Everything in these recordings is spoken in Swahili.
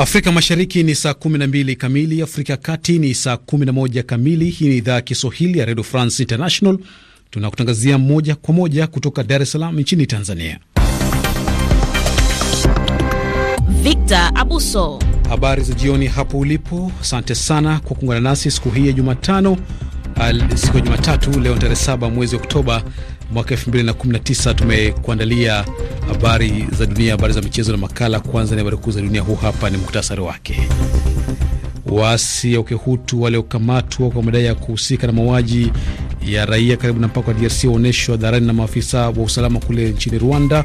Afrika Mashariki ni saa 12 kamili, Afrika ya Kati ni saa 11 kamili. Hii ni idhaa ya Kiswahili ya Radio France International, tunakutangazia moja kwa moja kutoka Dar es Salaam nchini Tanzania. Victor Abuso, habari za jioni hapo ulipo. Asante sana kwa kuungana nasi siku hii ya Jumatano, ah, siku ya Jumatatu leo tarehe 7 mwezi Oktoba mwaka 2019. Tumekuandalia habari za dunia, habari za michezo na makala. Kwanza ni habari kuu za dunia, huu hapa ni muktasari wake. Waasi ya Ukehutu waliokamatwa kwa madai ya kuhusika na mauaji ya raia karibu na mpaka wa DRC waonyeshwa hadharani na maafisa wa usalama kule nchini Rwanda.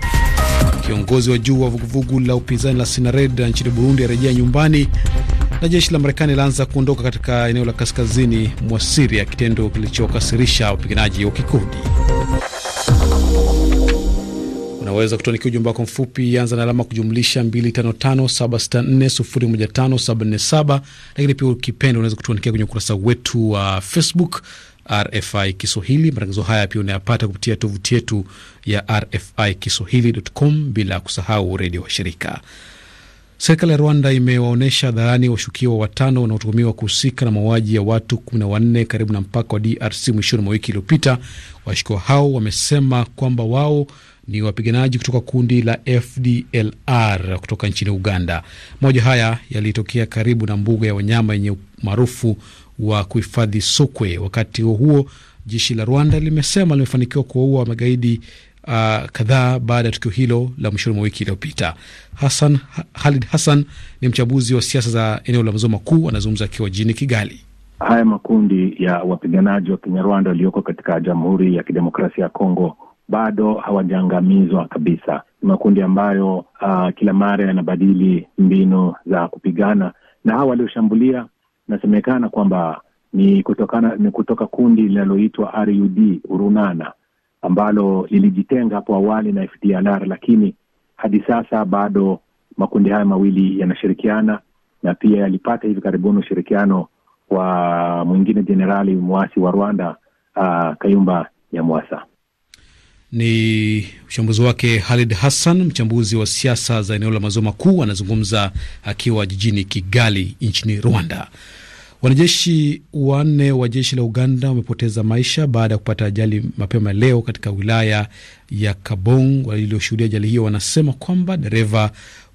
Kiongozi wa juu wa vuguvugu la upinzani la Sinared nchini Burundi arejea nyumbani, na jeshi la Marekani laanza kuondoka katika eneo la kaskazini mwa Siria, kitendo kilichokasirisha wapiganaji wa Kikurdi. Unaweza kutuandikia ujumbe wako mfupi, anza na alama kujumlisha 255764015747 lakini pia ukipenda unaweza kutuandikia kwenye ukurasa wetu wa uh, Facebook RFI Kiswahili. Matangazo haya pia unayapata kupitia tovuti yetu ya RFI Kiswahili.com, bila kusahau redio wa shirika Serikali ya Rwanda imewaonyesha dharani washukiwa watano wanaotuhumiwa kuhusika na mauaji ya watu 14 karibu na mpaka wa DRC mwishoni mwa wiki iliyopita. Washukiwa hao wamesema kwamba wao ni wapiganaji kutoka kundi la FDLR kutoka nchini Uganda. Moja haya yalitokea karibu na mbuga ya wanyama yenye umaarufu wa kuhifadhi sokwe. Wakati huo huo, jeshi la Rwanda limesema limefanikiwa kuwaua magaidi uh, kadhaa baada ya tukio hilo la mwishoni mwa wiki iliyopita. Hassan, Khalid Hassan ni mchambuzi wa siasa za eneo la maziwa makuu, anazungumza akiwa jijini Kigali. Haya makundi ya wapiganaji wa Kinyarwanda walioko katika Jamhuri ya Kidemokrasia ya Kongo bado hawajaangamizwa kabisa. Ni makundi ambayo uh, kila mara yanabadili mbinu za kupigana, na hawa walioshambulia inasemekana kwamba ni kutokana ni kutoka kundi linaloitwa RUD Urunana ambalo lilijitenga hapo awali na FDLR, lakini hadi sasa bado makundi haya mawili yanashirikiana na pia yalipata hivi karibuni ushirikiano wa mwingine jenerali mwasi wa Rwanda, uh, Kayumba Nyamwasa. Ni uchambuzi wake Halid Hassan, mchambuzi wa siasa za eneo la maziwa makuu, anazungumza akiwa jijini Kigali nchini Rwanda. Wanajeshi wanne wa jeshi la Uganda wamepoteza maisha baada ya kupata ajali mapema leo katika wilaya ya Kabong. Walioshuhudia ajali hiyo wanasema kwamba dereva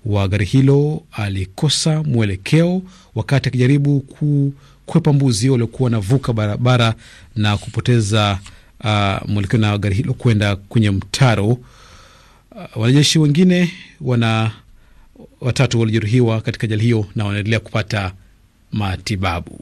wa gari hilo alikosa mwelekeo wakati akijaribu kukwepa mbuzi waliokuwa wanavuka barabara na kupoteza uh, mwelekeo na gari hilo kwenda kwenye mtaro. Uh, wanajeshi wengine wana watatu waliojeruhiwa katika ajali hiyo na wanaendelea kupata matibabu.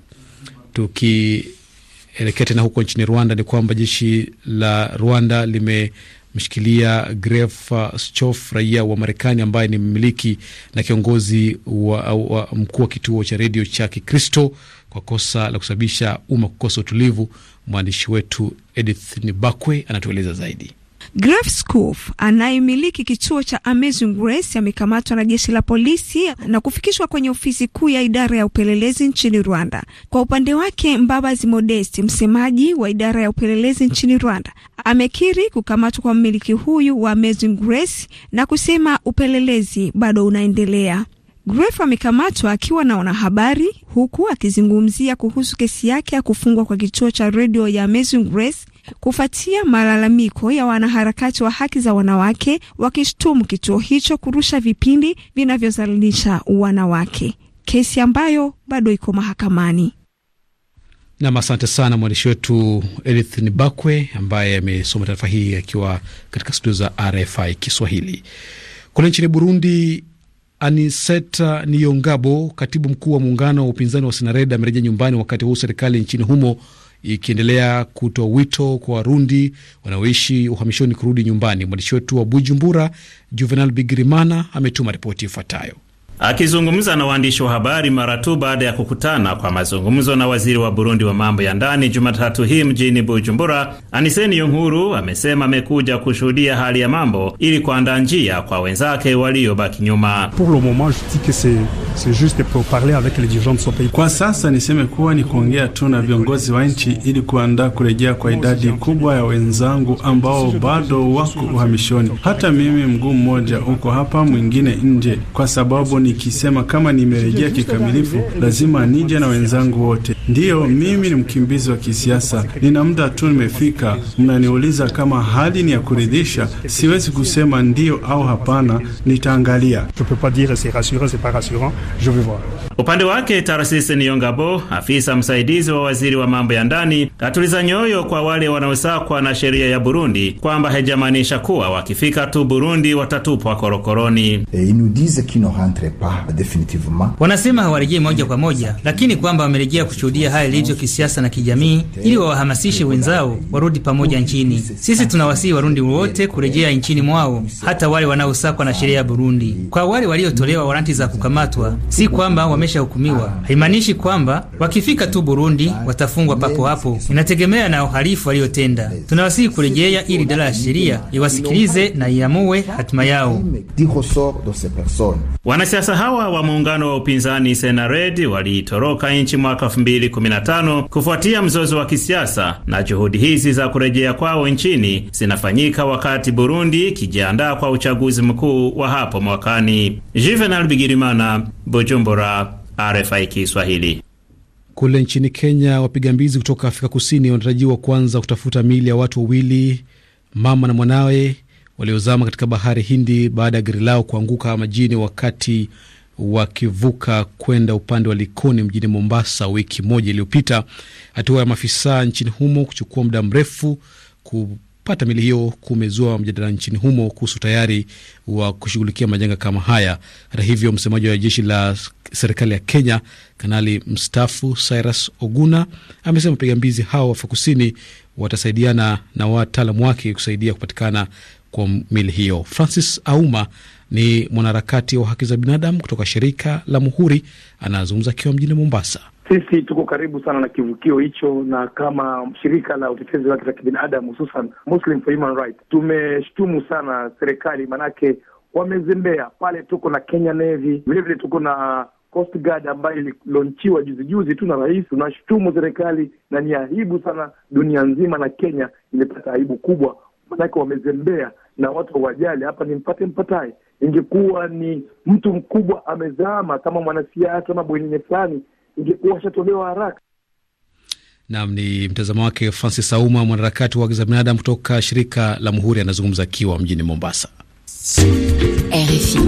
Tukielekea tena huko nchini Rwanda, ni kwamba jeshi la Rwanda limemshikilia Gref Schof, raia wa Marekani ambaye ni mmiliki na kiongozi wa, wa mkuu wa kituo cha redio cha Kikristo kwa kosa la kusababisha umma kukosa utulivu. Mwandishi wetu Edith Nibakwe anatueleza zaidi. Graf Scoof anayemiliki kituo cha Amazing Grace amekamatwa na jeshi la polisi na kufikishwa kwenye ofisi kuu ya idara ya upelelezi nchini Rwanda. Kwa upande wake, Mbabazi Modesti, msemaji wa idara ya upelelezi nchini Rwanda, amekiri kukamatwa kwa mmiliki huyu wa Amazing Grace na kusema upelelezi bado unaendelea. Grefu amekamatwa akiwa na wanahabari huku akizungumzia kuhusu kesi yake ya kufungwa kwa kituo cha redio ya Amazing Grace kufuatia malalamiko ya wanaharakati wa haki za wanawake wakishtumu kituo hicho kurusha vipindi vinavyozalilisha wanawake, kesi ambayo bado iko mahakamani. Nam, asante sana mwandishi wetu Edith Nibakwe ambaye amesoma taarifa hii akiwa katika studio za RFI Kiswahili. Kule nchini Burundi, Aniseta Niyongabo, katibu mkuu wa muungano wa upinzani wa Sinared, amerejea nyumbani wakati huu serikali nchini humo ikiendelea kutoa wito kwa Warundi wanaoishi uhamishoni kurudi nyumbani. Mwandishi wetu wa Bujumbura, Juvenal Bigirimana, ametuma ripoti ifuatayo. Akizungumza na waandishi wa habari mara tu baada ya kukutana kwa mazungumzo na waziri wa Burundi wa mambo ya ndani Jumatatu hii mjini Bujumbura, Aniseni yunhuru amesema amekuja kushuhudia hali ya mambo ili kuandaa njia kwa wenzake waliobaki nyuma. Kwa sasa niseme kuwa ni kuongea tu na viongozi wa nchi ili kuandaa kurejea kwa idadi kubwa ya wenzangu ambao bado wako uhamishoni. Hata mimi mguu mmoja uko hapa, mwingine nje, kwa sababu nikisema kama nimerejea kikamilifu, lazima nije na wenzangu wote. Ndiyo, mimi ni mkimbizi wa kisiasa, nina muda tu nimefika. Mnaniuliza kama hali ni ya kuridhisha, siwezi kusema ndiyo au hapana, nitaangalia. Upande wake Tarasisi Niyongabo, afisa msaidizi wa waziri wa mambo ya ndani, atuliza nyoyo kwa wale wanaosakwa na sheria ya Burundi kwamba haijamaanisha kuwa wakifika tu Burundi watatupwa korokoroni. Wanasema hawarejei moja kwa moja, lakini kwamba wamerejea kushuhudia haya ilivyo kisiasa na kijamii, ili wawahamasishe wenzao warudi pamoja nchini. Sisi tunawasihi Warundi wote kurejea nchini mwao, hata wale wanaosakwa na sheria ya Burundi. Kwa wale waliotolewa waranti za kukamatwa, si kwamba wame wameshahukumiwa. Ah. Haimaanishi kwamba wakifika tu Burundi ah. watafungwa papo hapo, inategemea na uhalifu waliotenda. Tunawasihi kurejea ili idara ya sheria iwasikilize na iamue hatima yao. Wanasiasa hawa wa muungano wa upinzani Senared waliitoroka nchi mwaka 2015 kufuatia mzozo wa kisiasa, na juhudi hizi za kurejea kwao nchini zinafanyika wakati Burundi ikijiandaa kwa uchaguzi mkuu wa hapo mwakani. Juvenal Bigirimana, Bujumbura. RFI Kiswahili. Kule nchini Kenya, wapiga mbizi kutoka Afrika Kusini wanatarajiwa kuanza kutafuta miili ya watu wawili, mama na mwanawe, waliozama katika bahari Hindi baada ya gari lao kuanguka majini wakati wakivuka kwenda upande wa Likoni mjini Mombasa wiki moja iliyopita. Hatua ya maafisa nchini humo kuchukua muda mrefu kupata mili hiyo kumezua mjadala nchini humo kuhusu tayari wa kushughulikia majanga kama haya. Hata hivyo, msemaji wa jeshi la serikali ya Kenya, kanali mstaafu Cyrus Oguna, amesema wapiga mbizi hao wafa Kusini watasaidiana na wataalamu wake kusaidia kupatikana kwa mili hiyo. Francis Auma ni mwanaharakati wa haki za binadamu kutoka shirika la Muhuri, anazungumza akiwa mjini Mombasa. Sisi tuko karibu sana na kivukio hicho, na kama shirika la utetezi wa haki za kibinadamu hususan Muslim for Human Rights tumeshtumu sana serikali, manake wamezembea pale. Tuko na Kenya Navy, vilevile tuko na Coast Guard ambayo ililonchiwa juzi juzi tu na rais. Tunashutumu serikali na ni aibu sana, dunia nzima na Kenya imepata aibu kubwa, manake wamezembea na watu wajali. Hapa ni mpate mpatae Ingekuwa ni mtu mkubwa amezama kama mwanasiasa ama bwenyenye fulani ingekuwa washatolewa haraka. Nam ni mtazamo wake Francis Auma, mwanaharakati wa haki za binadamu kutoka shirika la Muhuri, anazungumza akiwa mjini Mombasa. RFI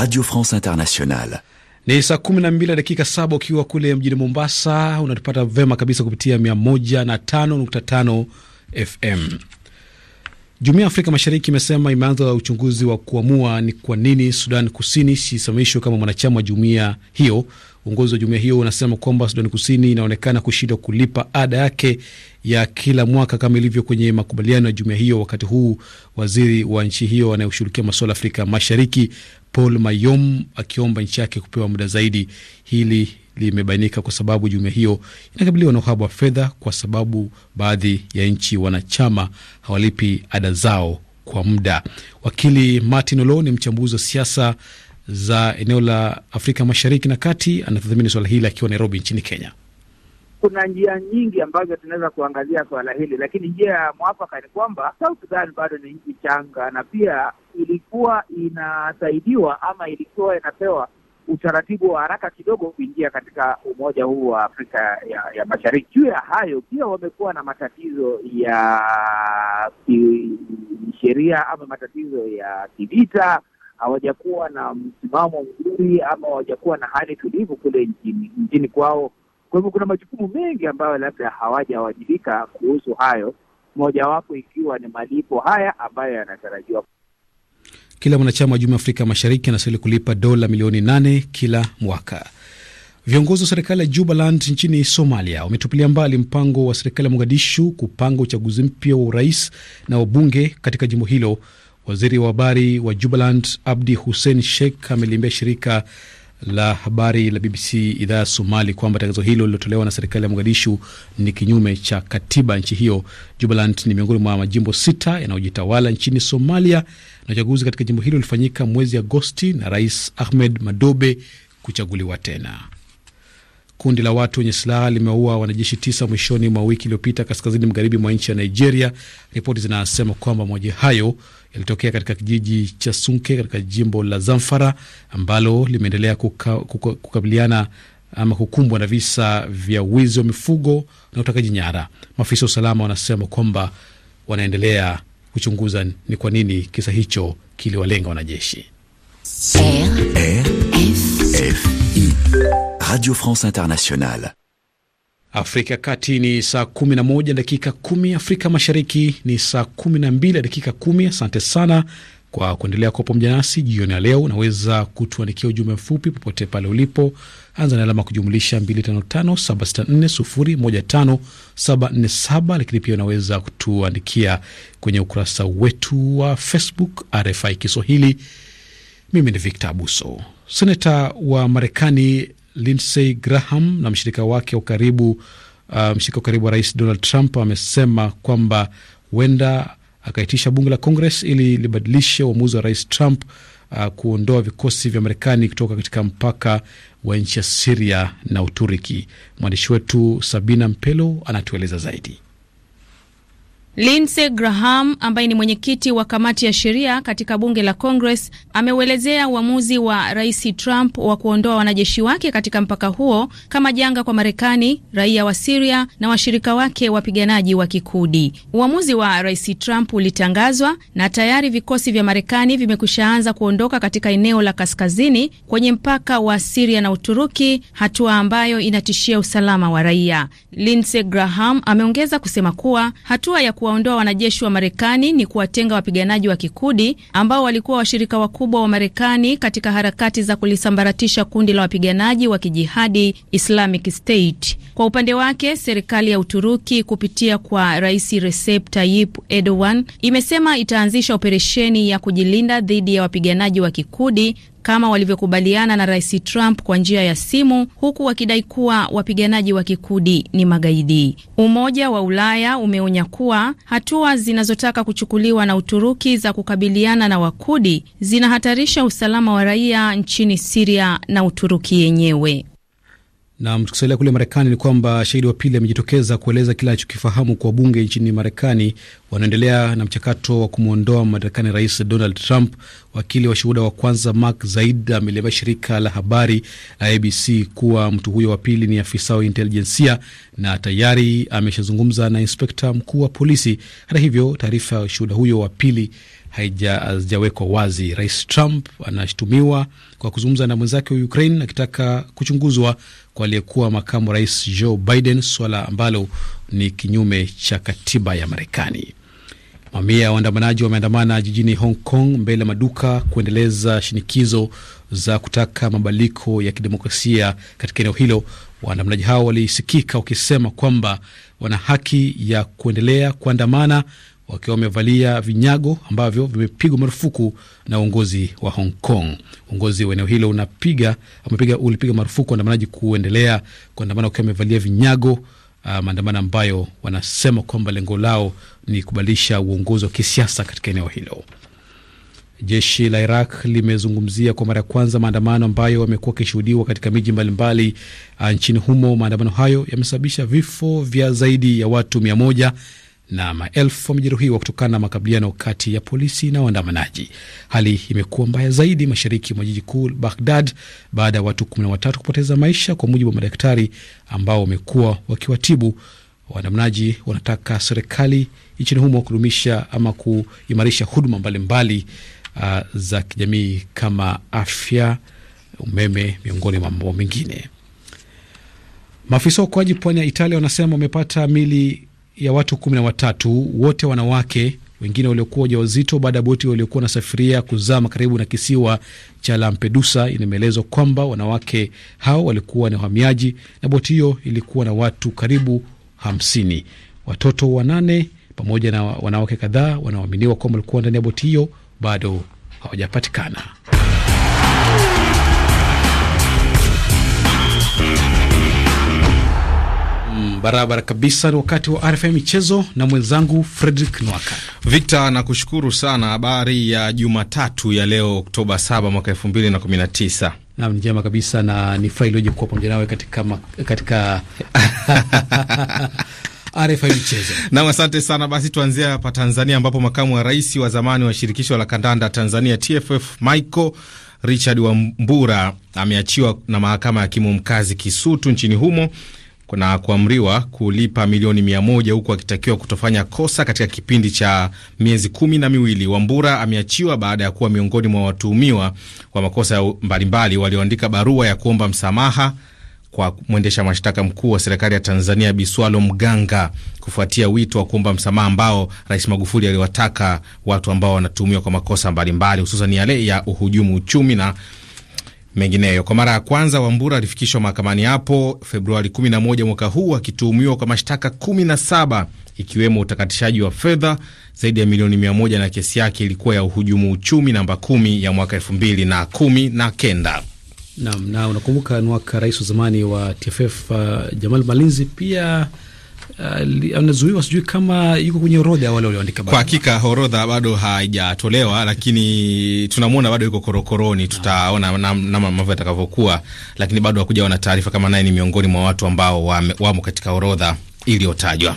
Radio France Internationale. Ni saa kumi na mbili na dakika saba ukiwa kule mjini Mombasa unatupata vema kabisa kupitia mia moja na tano nukta tano FM. Jumuiya ya Afrika Mashariki imesema imeanza uchunguzi wa kuamua ni kwa nini Sudan Kusini isisimamishwe kama mwanachama wa jumuiya hiyo. Uongozi wa jumuiya hiyo unasema kwamba Sudan Kusini inaonekana kushindwa kulipa ada yake ya kila mwaka kama ilivyo kwenye makubaliano ya jumuiya hiyo, wakati huu waziri wa nchi hiyo anayeshughulikia masuala Afrika Mashariki Paul Mayom akiomba nchi yake kupewa muda zaidi. Hili limebainika kwa sababu jumuiya hiyo inakabiliwa na uhaba wa fedha kwa sababu baadhi ya nchi wanachama hawalipi ada zao kwa muda. Wakili Martin Olo ni mchambuzi wa siasa za eneo la Afrika Mashariki na Kati, anatathmini swala hili akiwa Nairobi nchini Kenya. Kuna njia nyingi ambazo tunaweza kuangazia swala hili, lakini njia ya mwafaka ni kwamba South Sudan bado ni nchi changa, na pia ilikuwa inasaidiwa ama ilikuwa inapewa utaratibu wa haraka kidogo kuingia katika umoja huu wa Afrika ya, ya Mashariki. Juu ya hayo pia wamekuwa na matatizo ya kisheria ama matatizo ya kivita hawajakuwa na msimamo mzuri ama hawajakuwa na hali tulivu kule nchini nchini kwao. Kwa hivyo kuna majukumu mengi ambayo labda hawajawajibika kuhusu hayo, mojawapo ikiwa ni malipo haya ambayo yanatarajiwa kila mwanachama wa Jumuiya Afrika Mashariki anastahili kulipa dola milioni nane kila mwaka. Viongozi wa serikali ya Jubaland nchini Somalia wametupilia mbali mpango wa serikali ya Mogadishu kupanga uchaguzi mpya wa urais na wabunge katika jimbo hilo. Waziri wa habari wa Jubaland Abdi Hussein Sheikh ameliambia shirika la habari la BBC idhaa ya Somali kwamba tangazo hilo lilotolewa na serikali ya Mogadishu ni kinyume cha katiba nchi hiyo. Jubaland ni miongoni mwa majimbo sita yanayojitawala nchini Somalia, na uchaguzi katika jimbo hilo ulifanyika mwezi Agosti na Rais Ahmed Madobe kuchaguliwa tena. Kundi la watu wenye silaha limeua wanajeshi tisa mwishoni mwa wiki iliyopita kaskazini magharibi mwa nchi ya Nigeria. Ripoti zinasema kwamba mauaji hayo yalitokea katika kijiji cha Sunke katika jimbo la Zamfara ambalo limeendelea kuka, kuka, kukabiliana ama kukumbwa na visa vya wizi wa mifugo na utekaji nyara. Maafisa wa usalama wanasema kwamba wanaendelea kuchunguza ni kwa nini kisa hicho kiliwalenga wanajeshi. F Radio France Internationale. Afrika Kati ni saa 11 dakika 10, Afrika Mashariki ni saa 12 dakika 10. Asante sana kwa kuendelea kuwa pamoja nasi jioni ya leo. Unaweza kutuandikia ujumbe mfupi popote pale ulipo, anza na alama kujumlisha 255764015747, lakini pia unaweza kutuandikia kwenye ukurasa wetu wa Facebook RFI Kiswahili mimi ni Victor Abuso. Seneta wa Marekani Lindsey Graham na mshirika wake wa karibu uh, mshirika wa karibu wa rais Donald Trump amesema kwamba huenda akaitisha bunge la Congress ili libadilishe uamuzi wa rais Trump uh, kuondoa vikosi vya Marekani kutoka katika mpaka wa nchi ya Siria na uturiki Mwandishi wetu Sabina Mpelo anatueleza zaidi. Lindsey Graham ambaye ni mwenyekiti wa kamati ya sheria katika bunge la Congress ameuelezea uamuzi wa rais Trump wa kuondoa wanajeshi wake katika mpaka huo kama janga kwa Marekani, raia wa Siria na washirika wake wapiganaji wa kikudi Uamuzi wa rais Trump ulitangazwa na tayari vikosi vya Marekani vimekushaanza kuondoka katika eneo la kaskazini kwenye mpaka wa Siria na Uturuki, hatua ambayo inatishia usalama wa raia. Lindsey Graham ameongeza kusema kuwa hatua ya ku kuwaondoa wanajeshi wa Marekani ni kuwatenga wapiganaji wa kikudi ambao walikuwa washirika wakubwa wa Marekani katika harakati za kulisambaratisha kundi la wapiganaji wa kijihadi Islamic State. Kwa upande wake, serikali ya Uturuki kupitia kwa Rais Recep Tayyip Erdogan imesema itaanzisha operesheni ya kujilinda dhidi ya wapiganaji wa kikudi kama walivyokubaliana na Rais Trump kwa njia ya simu, huku wakidai kuwa wapiganaji wa kikudi ni magaidi. Umoja wa Ulaya umeonya kuwa hatua zinazotaka kuchukuliwa na Uturuki za kukabiliana na wakudi zinahatarisha usalama wa raia nchini Siria na Uturuki yenyewe. Nam, tukisalia kule Marekani ni kwamba shahidi wa pili amejitokeza kueleza kile anachokifahamu kwa bunge nchini Marekani wanaendelea na mchakato wa kumwondoa madarakani Rais Donald Trump. Wakili wa shuhuda wa kwanza Mark Zaid ameliambia shirika la habari la ABC kuwa mtu huyo wa pili ni afisa wa intelijensia na tayari ameshazungumza na inspekta mkuu wa polisi. Hata hivyo, taarifa ya shuhuda huyo wa pili haijawekwa wazi. Rais Trump anashutumiwa kwa kuzungumza na mwenzake wa Ukraine akitaka kuchunguzwa kwa aliyekuwa makamu rais Joe Biden, suala ambalo ni kinyume cha katiba ya Marekani. Mamia ya waandamanaji wameandamana jijini Hong Kong mbele ya maduka kuendeleza shinikizo za kutaka mabadiliko ya kidemokrasia katika eneo hilo. Waandamanaji hao walisikika wakisema kwamba wana haki ya kuendelea kuandamana wakiwa wamevalia vinyago ambavyo vimepigwa marufuku na uongozi wa Hong Kong. Uongozi wa eneo hilo unapiga ulipiga marufuku waandamanaji kuendelea kuandamana wakiwa wamevalia vinyago, uh, maandamano ambayo wanasema kwamba lengo lao ni kubadilisha uongozi wa kisiasa katika eneo hilo. Jeshi la Iraq limezungumzia kwa mara ya kwanza maandamano ambayo yamekuwa yakishuhudiwa katika miji mbalimbali uh, nchini humo. Maandamano hayo yamesababisha vifo vya zaidi ya watu mia moja na maelfu wamejeruhiwa kutokana na makabiliano kati ya polisi na waandamanaji. Hali imekuwa mbaya zaidi mashariki mwa jiji kuu Baghdad baada ya watu watatu kupoteza maisha, kwa mujibu wa madaktari ambao wamekuwa wakiwatibu waandamanaji. Wanataka serikali nchini humo kudumisha ama kuimarisha huduma mbalimbali mbali, uh, za kijamii kama afya, umeme, miongoni mwa mambo mengine. Maafisa wa ukoaji pwani ya Italia wanasema wamepata mili ya watu kumi na watatu, wote wanawake, wengine waliokuwa wajawazito baada ya boti waliokuwa wanasafiria kuzama karibu na kisiwa cha Lampedusa. Inameelezwa kwamba wanawake hao walikuwa ni wahamiaji na boti hiyo ilikuwa na watu karibu hamsini, watoto wanane pamoja na wanawake kadhaa wanaoaminiwa kwamba walikuwa ndani ya boti hiyo bado hawajapatikana. barabara kabisa. Ni wakati wa RFI michezo na mwenzangu Fredrick Nwaka. Victor, nakushukuru sana. Habari ya Jumatatu ya leo Oktoba 7 mwaka 2019 Nam, ni njema kabisa na ni furaha iliyoje kuwa pamoja nawe katika, ma, katika... RFI michezo. Naam, asante sana. Basi tuanzie hapa Tanzania ambapo makamu wa rais wa zamani wa shirikisho la kandanda Tanzania TFF Michael Richard Wambura ameachiwa na mahakama ya hakimu mkazi Kisutu nchini humo na kuamriwa kulipa milioni mia moja huku akitakiwa kutofanya kosa katika kipindi cha miezi kumi na miwili. Wambura ameachiwa baada ya kuwa miongoni mwa watuhumiwa wa makosa mbalimbali walioandika barua ya kuomba msamaha kwa mwendesha mashtaka mkuu wa serikali ya Tanzania Biswalo Mganga kufuatia wito wa kuomba msamaha ambao Rais Magufuli aliwataka watu ambao wanatuhumiwa kwa makosa mbalimbali hususan yale ya uhujumu uchumi na mengineyo. Kwa mara ya kwanza Wambura alifikishwa mahakamani hapo Februari 11 mwaka huu akituhumiwa kwa mashtaka 17 ikiwemo utakatishaji wa fedha zaidi ya milioni 100 na kesi yake ilikuwa ya uhujumu uchumi namba 10 ya mwaka e2 na kenda. Naam, na unakumbuka mwaka rais wa zamani wa TFF uh, Jamal Malinzi pia Eh, eh, anazuiwa, sijui kama yuko kwenye orodha wale walioandika. Kwa hakika orodha bado haijatolewa, lakini tunamwona bado yuko korokoroni. Ah. Tutaona namna mambo yatakavyokuwa, lakini bado hakujawa na taarifa kama naye ni miongoni mwa watu ambao wamo katika orodha iliyotajwa.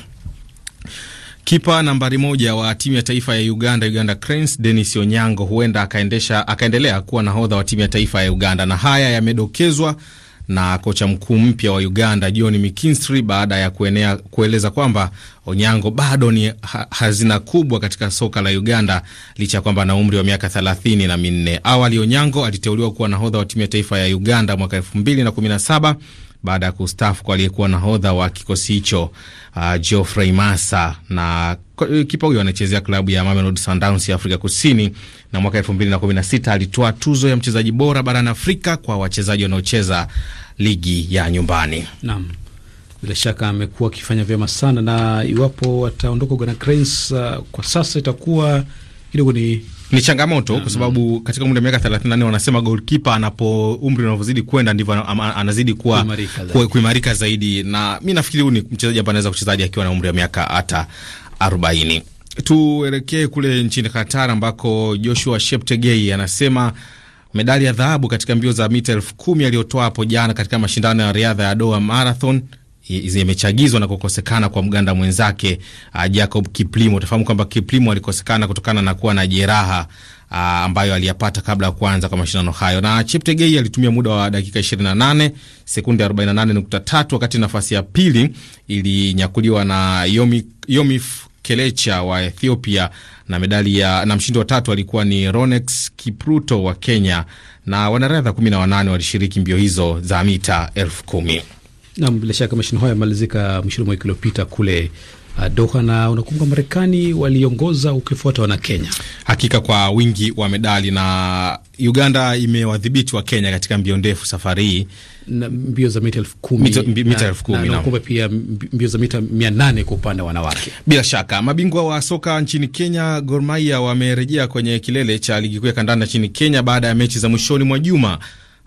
Kipa nambari moja wa timu ya taifa ya Uganda, Uganda Cranes, Dennis Onyango huenda akaendesha akaendelea kuwa nahodha wa timu ya taifa ya Uganda, na haya yamedokezwa na kocha mkuu mpya wa Uganda John McKinstry baada ya kuenea, kueleza kwamba Onyango bado ni ha hazina kubwa katika soka la Uganda licha ya kwamba ana umri wa miaka thelathini na minne. Awali Onyango aliteuliwa kuwa nahodha wa timu ya taifa ya Uganda mwaka elfu mbili na kumi na saba baada ya kustafu kwa aliyekuwa nahodha wa kikosi hicho uh, Geoffrey Massa na kipa huyo anachezea klabu ya Mamelodi Sundowns ya Afrika Kusini, na mwaka sita alitoa tuzo ya mchezaji bora barani Afrika kwa wachezaji wanaocheza ligi ya nyumbani. Naam, bila shaka amekuwa akifanya vyema sana, na iwapo wataondoka Ghana Cranes uh, kwa sasa itakuwa kidogo ni ni changamoto kwa mhm. sababu katika umri wa miaka 34 wanasema goalkeeper anapo umri unavyozidi kwenda ndivyo anazidi kuwa kuimarika zaidi. zaidi na mi nafikiri huyu ni mchezaji ambaye anaweza kuchezaji akiwa na umri wa miaka hata 40. Tuelekee kule nchini Qatar ambako Joshua Cheptegei anasema medali ya dhahabu katika mbio za mita elfu kumi aliyotoa hapo jana katika mashindano ya riadha ya Doha Marathon yamechagizwa na kukosekana kwa mganda mwenzake uh, Jacob Kiplimo. Utafahamu kwamba Kiplimo alikosekana kutokana na kuwa na jeraha uh, ambayo aliyapata kabla ya kuanza kwa mashindano hayo, na Cheptegei alitumia muda wa dakika 28 sekunde 48.3, wakati nafasi ya pili ilinyakuliwa na Yomi, Yomi Kelecha wa Ethiopia na medali ya na mshindi wa tatu alikuwa ni Ronex Kipruto wa Kenya, na wanariadha 18 walishiriki mbio hizo za mita elfu kumi. Nam, bila shaka mashindano hayo yamalizika mwishoni mwa wiki iliyopita kule uh, Doha, na unakumbuka Marekani waliongoza ukifuata wana Kenya, hakika kwa wingi wa medali, na Uganda imewadhibiti wa Kenya katika mbio ndefu safari hii na mbio za mita elfu kumi mita, mita elfu kumi na, na, na pia mbio za mita mia nane kwa upande wa wanawake. Bila shaka mabingwa wa soka nchini Kenya Gor Mahia wamerejea kwenye kilele cha ligi kuu ya kandanda nchini Kenya baada ya mechi za mwishoni mwa juma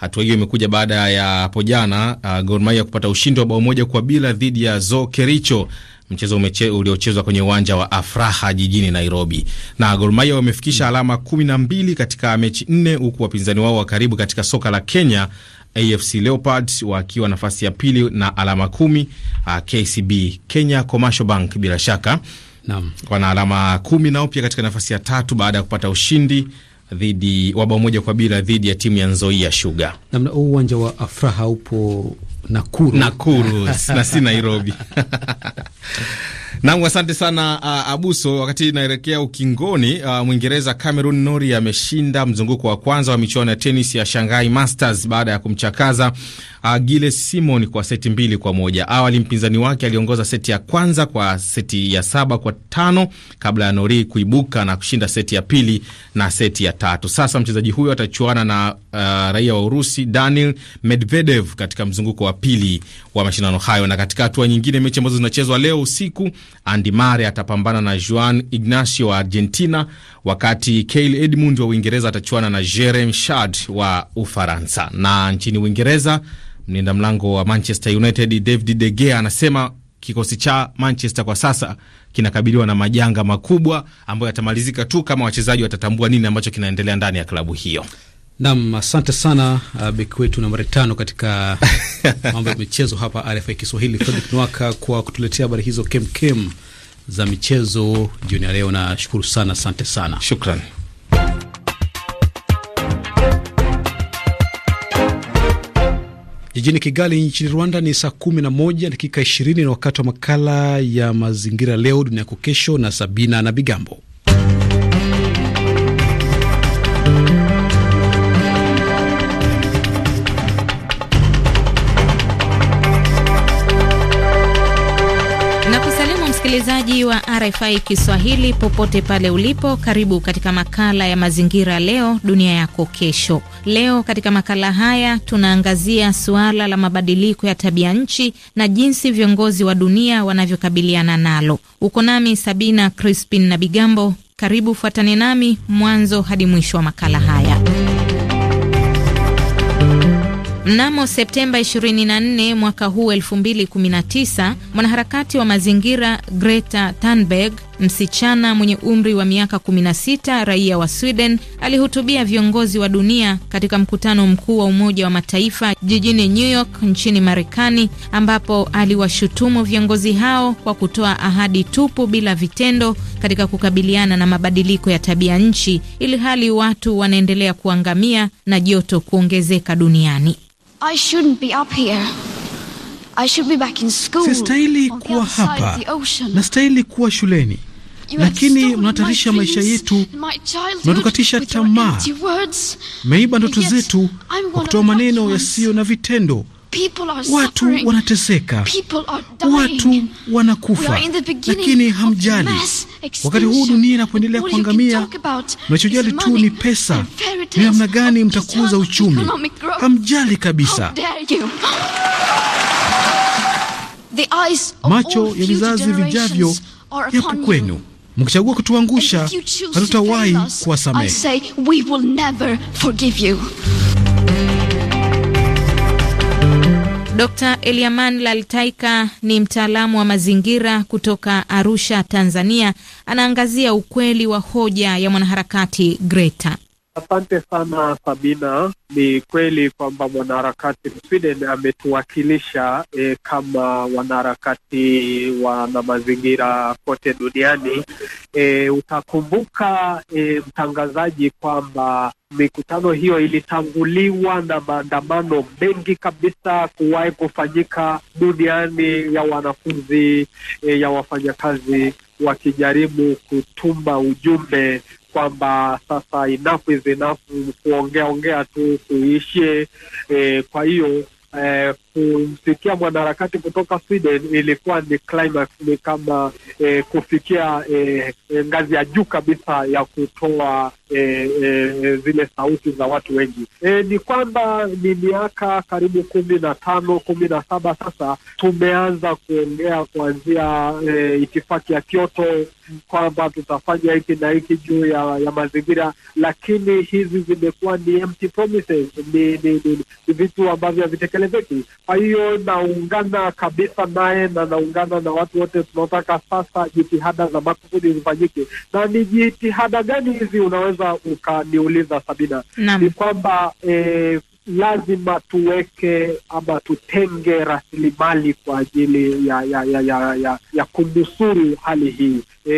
Hatua hiyo imekuja baada ya hapo jana uh, Gor Mahia kupata ushindi wa bao moja kwa bila dhidi ya Zo Kericho, mchezo uliochezwa kwenye uwanja wa Afraha jijini Nairobi. Na Gor Mahia wamefikisha alama kumi na mbili katika mechi nne, huku wapinzani wao wa karibu katika soka la Kenya AFC Leopards wakiwa nafasi ya pili na alama kumi. Uh, KCB Kenya Commercial Bank bila shaka wana alama kumi nao pia katika nafasi ya tatu baada ya kupata ushindi dhidi bao moja kwa bila dhidi ya timu ya Nzoia Sugar. Namna huu uwanja wa Afraha upo Nakuru, Nakuru na si Nairobi nam asante sana uh, Abuso. Wakati inaelekea ukingoni, uh, Mwingereza Cameron nori ameshinda mzunguko wa kwanza wa michuano ya tenis ya Shanghai Masters baada ya kumchakaza uh, Gile Simon kwa seti mbili kwa moja. Awali mpinzani wake aliongoza seti ya kwanza kwa seti ya saba kwa tano kabla ya nori kuibuka na kushinda seti ya pili na seti ya tatu. Sasa mchezaji huyo atachuana na uh, raia wa Urusi Daniel Medvedev katika mzunguko wa pili wa mashindano hayo. Na katika hatua nyingine, mechi ambazo zinachezwa leo usiku Andy Murray atapambana na Juan Ignacio wa Argentina, wakati Cale Edmund wa Uingereza atachuana na Jerem Shad wa Ufaransa. Na nchini Uingereza, mlinda mlango wa Manchester United David De Gea anasema kikosi cha Manchester kwa sasa kinakabiliwa na majanga makubwa ambayo yatamalizika tu kama wachezaji watatambua nini ambacho kinaendelea ndani ya klabu hiyo. Nam, asante sana uh, beki wetu nambari tano katika mambo ya michezo hapa RFI Kiswahili, Fredrick Nwaka kwa kutuletea habari hizo kemkem za michezo jioni ya leo. Nashukuru sana, asante sana, shukran. Jijini Kigali nchini Rwanda ni saa kumi na moja dakika ishirini na wakati wa makala ya mazingira leo dunia yako kesho na Sabina na Bigambo. Msikilizaji wa RFI Kiswahili popote pale ulipo, karibu katika makala ya mazingira leo dunia yako kesho. Leo katika makala haya tunaangazia suala la mabadiliko ya tabia nchi na jinsi viongozi wa dunia wanavyokabiliana nalo. Uko nami Sabina Crispin na Bigambo, karibu fuatane nami mwanzo hadi mwisho wa makala haya. Mnamo Septemba 24 mwaka huu 2019, mwanaharakati wa mazingira Greta Thunberg Msichana mwenye umri wa miaka 16 raia wa Sweden alihutubia viongozi wa dunia katika mkutano mkuu wa Umoja wa Mataifa jijini New York nchini Marekani, ambapo aliwashutumu viongozi hao kwa kutoa ahadi tupu bila vitendo katika kukabiliana na mabadiliko ya tabia nchi, ili hali watu wanaendelea kuangamia na joto kuongezeka duniani. I shouldn't be up here. I should be back in school. Sistahili kuwa hapa, nastahili kuwa shuleni lakini mnatarisha maisha yetu, mnatukatisha tamaa, mmeiba ndoto zetu kwa kutoa maneno yasiyo na vitendo. Watu wanateseka, watu wanakufa, lakini hamjali. Wakati huu dunia inapoendelea kuangamia, mnachojali tu ni pesa, ni namna gani mtakuza uchumi. Hamjali kabisa. Macho ya vizazi vijavyo yapo kwenu. Mkichagua kutuangusha, hatutawahi kuwasamehe. Dr. Eliaman Laltaika ni mtaalamu wa mazingira kutoka Arusha, Tanzania. Anaangazia ukweli wa hoja ya mwanaharakati Greta. Asante sana Sabina, ni kweli kwamba mwanaharakati Sweden ametuwakilisha e, kama wanaharakati wana mazingira kote duniani. E, utakumbuka e, mtangazaji kwamba mikutano hiyo ilitanguliwa na maandamano mengi kabisa kuwahi kufanyika duniani ya wanafunzi e, ya wafanyakazi wakijaribu kutuma ujumbe kwamba sasa enough is enough, kuongea ongea tu kuishe E, eh, kwa hiyo e, kumfikia mwanaharakati kutoka Sweden ilikuwa ni climax, ni kama eh, kufikia eh, eh, ngazi ya juu kabisa ya kutoa eh, eh, zile sauti za watu wengi. Eh, ni kwamba ni miaka karibu kumi na tano kumi na saba sasa tumeanza kuongea kuanzia eh, itifaki ya Kyoto kwamba tutafanya hiki na hiki juu ya, ya mazingira, lakini hizi zimekuwa ni empty promises, ni, ni, ni, ni vitu ambavyo havitekelezeki. Kwa hiyo naungana kabisa naye na naungana na watu wote tunaotaka sasa jitihada za makusudi zifanyike. Na ni jitihada gani hizi, unaweza ukaniuliza Sabina? Ni kwamba eh, lazima tuweke ama tutenge rasilimali kwa ajili ya ya ya ya, ya, ya kunusuru hali hii e,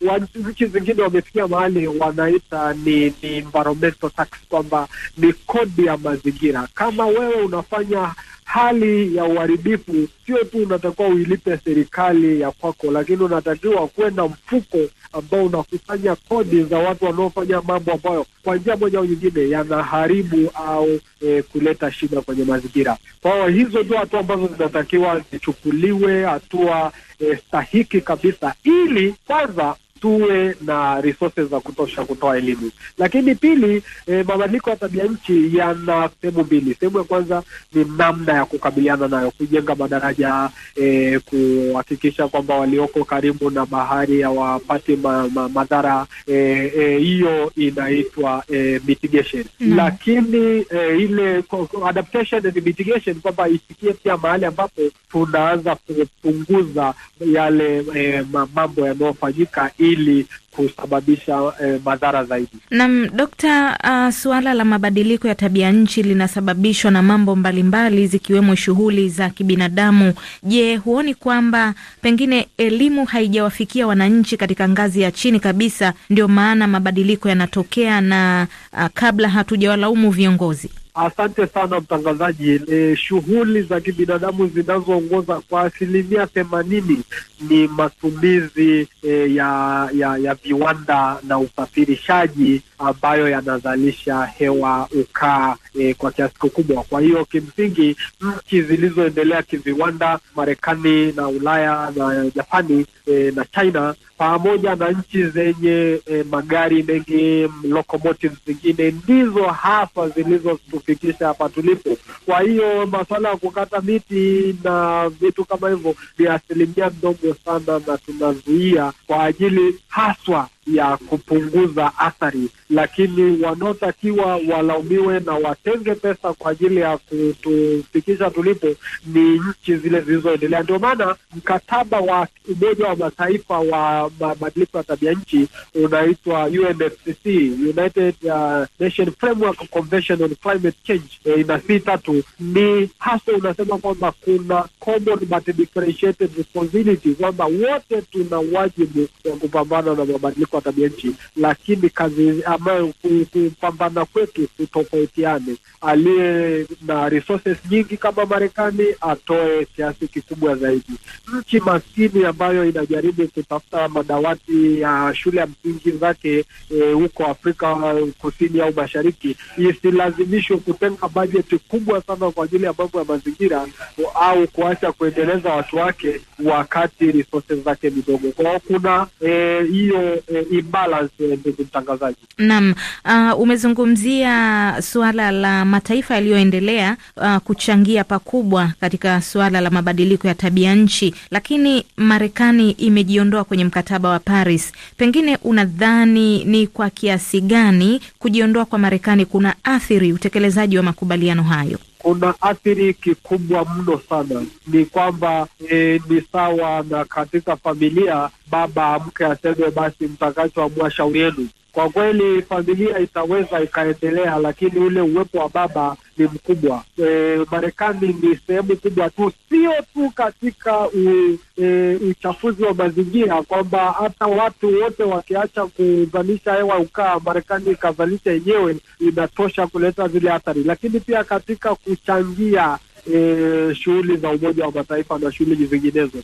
eh, nchi zingine wamefikia mahali wanaita ni, ni environmental tax kwamba ni kodi ya mazingira. Kama wewe unafanya hali ya uharibifu, sio tu unatakiwa uilipe serikali ya kwako, lakini unatakiwa kwenda mfuko ambao unakusanya kodi za watu wanaofanya mambo ambayo kwa njia moja au nyingine yanaharibu au e, kuleta shida kwenye mazingira. Kwa hiyo hizo tu hatua ambazo zinatakiwa zichukuliwe hatua Eh, stahiki kabisa, ili kwanza tuwe na resources za kutosha kutoa elimu. Lakini pili, e, mabadiliko ya tabia nchi yana sehemu mbili. Sehemu ya kwanza ni namna ya kukabiliana nayo, kujenga madaraja e, kuhakikisha kwamba walioko karibu na bahari hawapati ma, ma, madhara eh, hiyo e, e, inaitwa e, mitigation mm. Lakini e, ile adaptation and mitigation kwamba ifikie pia mahali ambapo tunaanza kupunguza yale e, mambo yanayofanyika ili kusababisha eh, madhara zaidi. Naam, Dokta, uh, suala la mabadiliko ya tabia nchi linasababishwa na mambo mbalimbali zikiwemo shughuli za kibinadamu. Je, huoni kwamba pengine elimu haijawafikia wananchi katika ngazi ya chini kabisa, ndio maana mabadiliko yanatokea na uh, kabla hatujawalaumu viongozi? Asante sana mtangazaji. E, shughuli za kibinadamu zinazoongoza kwa asilimia themanini ni matumizi e, ya, ya ya viwanda na usafirishaji ambayo yanazalisha hewa ukaa e, kwa kiasi kikubwa. Kwa hiyo kimsingi, nchi zilizoendelea kiviwanda, Marekani na Ulaya na Japani e, na China pamoja na nchi zenye e, magari mengi locomotives zingine, ndizo hasa zilizo kufikisha hapa tulipo. Kwa hiyo masuala ya kukata miti na vitu kama hivyo ni asilimia ndogo sana, na tunazuia kwa ajili haswa ya kupunguza athari, lakini wanaotakiwa walaumiwe na watenge pesa kwa ajili ya kutufikisha tulipo ni nchi zile zilizoendelea. Ndio maana mkataba wa Umoja wa Mataifa wa mabadiliko ya tabia nchi unaitwa UNFCCC, United uh, Framework Convention on Climate Change e, si tatu ni hasa unasema kwamba kuna common but differentiated responsibility, kwamba wote tuna wajibu wa kupambana na mabadiliko kwa tabia nchi, lakini kazi ambayo kupambana kwetu kutofautiane. Aliye na resources nyingi kama Marekani atoe kiasi kikubwa zaidi. Nchi maskini ambayo inajaribu kutafuta madawati ya shule ya msingi zake e, huko e, Afrika Kusini au Mashariki isilazimishwe kutenga bajeti kubwa sana kwa ajili ya mambo ya mazingira au kuacha kuendeleza watu wake wakati resources zake ni dogo kwao. Kuna e, hiyo e, ibalance. Ndugu mtangazaji, naam. Uh, umezungumzia suala la mataifa yaliyoendelea uh, kuchangia pakubwa katika suala la mabadiliko ya tabia nchi, lakini Marekani imejiondoa kwenye mkataba wa Paris. Pengine unadhani ni kwa kiasi gani kujiondoa kwa Marekani kuna athiri utekelezaji wa makubaliano hayo? una athiri kikubwa mno sana. Ni kwamba e, ni sawa na katika familia baba amke aseme basi mtakachoamua shauri yenu, kwa kweli familia itaweza ikaendelea, lakini ule uwepo wa baba ni mkubwa. E, Marekani ni sehemu kubwa tu, sio tu katika u, e, uchafuzi wa mazingira, kwamba hata watu wote wakiacha kuzalisha hewa ukaa, Marekani ikazalisha yenyewe, inatosha kuleta zile athari, lakini pia katika kuchangia e, shughuli za Umoja wa Mataifa na shughuli zinginezo.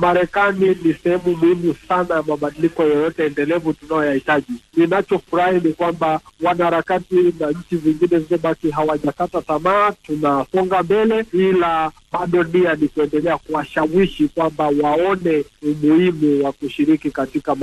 Marekani ni sehemu muhimu sana ya mabadiliko yoyote endelevu tunayoyahitaji. Ninachofurahi ni kwamba wanaharakati na nchi zingine zilizobaki hawajakata tamaa, tunasonga mbele, ila bado nia ni kuendelea kuwashawishi kwamba waone umuhimu wa kushiriki katika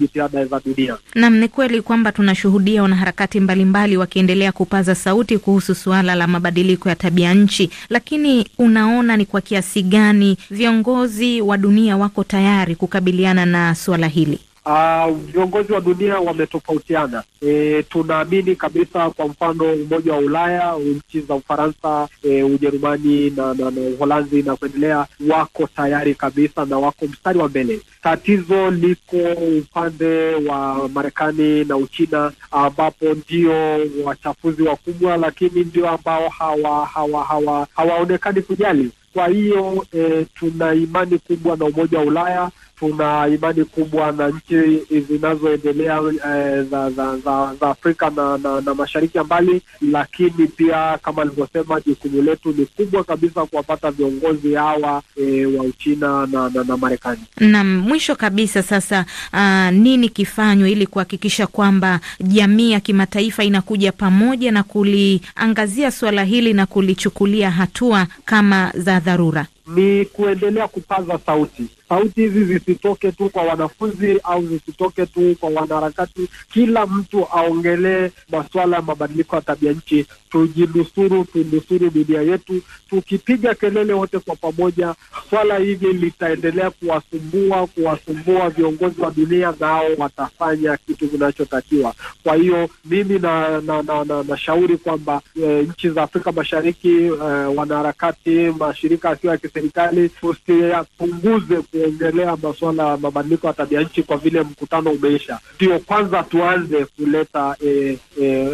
jitihada za dunia. Naam, ni kweli kwamba tunashuhudia wanaharakati mbalimbali wakiendelea kupaza sauti kuhusu suala la mabadiliko ya tabia nchi nchi, lakini unaona ni kwa kiasi gani viongozi wa dunia wako tayari kukabiliana na suala hili? Ah, viongozi uh, wa dunia wametofautiana. E, tunaamini kabisa, kwa mfano umoja wa Ulaya, nchi za Ufaransa, e, Ujerumani na, na, na Uholanzi na kuendelea wako tayari kabisa na wako mstari wa mbele. Tatizo liko upande wa Marekani na Uchina, ambapo ndio wachafuzi wakubwa, lakini ndio ambao hawaonekani hawa, hawa, hawa kujali. Kwa hiyo e, tuna imani kubwa na umoja wa Ulaya tuna imani kubwa na nchi zinazoendelea eh, za, za, za, za Afrika na, na, na mashariki ya mbali, lakini pia kama alivyosema, jukumu letu ni kubwa kabisa kuwapata viongozi hawa eh, wa Uchina na, na, na Marekani. Naam, mwisho kabisa sasa, uh, nini kifanywe ili kuhakikisha kwamba jamii ya kimataifa inakuja pamoja na kuliangazia suala hili na kulichukulia hatua kama za dharura? ni kuendelea kupaza sauti. Sauti hizi zisitoke tu kwa wanafunzi au zisitoke tu kwa wanaharakati. Kila mtu aongelee masuala ya mabadiliko ya tabia nchi, tujinusuru, tunusuru dunia yetu. Tukipiga kelele wote kwa pamoja, swala hili litaendelea kuwasumbua kuwasumbua viongozi wa dunia, nao watafanya kitu kinachotakiwa. Kwa hiyo mimi na, na, na, na, nashauri kwamba e, nchi za Afrika Mashariki e, wanaharakati, mashirika yasiyo ya serikali usiyapunguze kuongelea masuala ya mabadiliko ya tabia nchi, kwa vile mkutano umeisha. Ndio kwanza tuanze kuleta e, e,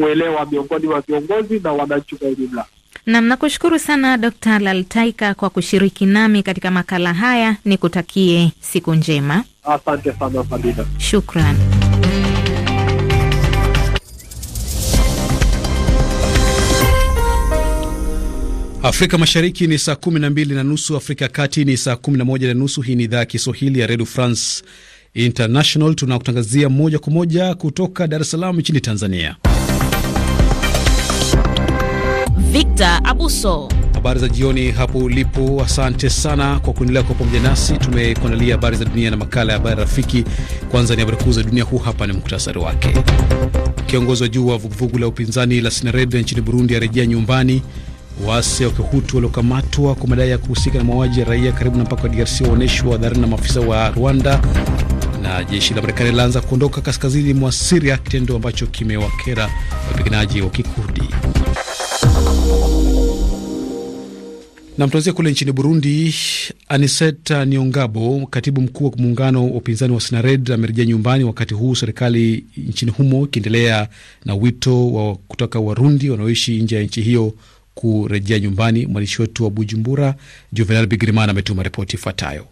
uelewa miongoni mwa viongozi na wananchi kwa ujumla. Nam, nakushukuru sana Dkt. Laltaika kwa kushiriki nami katika makala haya. Nikutakie siku njema. Asante sana Sabina, shukran. Afrika Mashariki ni saa kumi na mbili na nusu, Afrika ya Kati ni saa kumi na moja na nusu. Hii ni idhaa ya Kiswahili ya Redio France International, tunakutangazia moja kwa moja kutoka Dar es Salaam nchini Tanzania. Victor Abuso, habari za jioni hapo ulipo. Asante sana kwa kuendelea kwa pamoja nasi. Tumekuandalia habari za dunia na makala ya habari rafiki. Kwanza ni habari kuu za dunia, huu hapa ni muktasari wake. Kiongozi wa juu wa vuguvugu la upinzani la Sinared nchini Burundi arejea nyumbani Waasi wa kihutu waliokamatwa kwa madai ya kuhusika na mauaji ya raia karibu na mpaka wa DRC waonyeshwa hadharani na maafisa wa Rwanda. Na jeshi la Marekani laanza kuondoka kaskazini mwa Siria, kitendo ambacho kimewakera wapiganaji wa Kikurdi. Na mtuanzia kule nchini Burundi, Aniseta Niongabo, katibu mkuu wa muungano wa upinzani wa Sinared, amerejea nyumbani, wakati huu serikali nchini humo ikiendelea na wito wa kutaka Warundi wanaoishi nje ya nchi hiyo kurejea nyumbani. Mwandishi wetu wa Bujumbura, Juvenal Bigirimana, ametuma ripoti ifuatayo.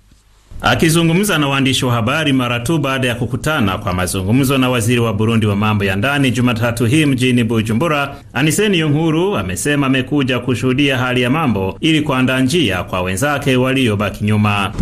Akizungumza na waandishi wa habari mara tu baada ya kukutana kwa mazungumzo na waziri wa Burundi wa mambo ya ndani Jumatatu hii mjini Bujumbura, Aniseni Yunguru amesema amekuja kushuhudia hali ya mambo ili kuandaa njia kwa wenzake waliobaki nyuma.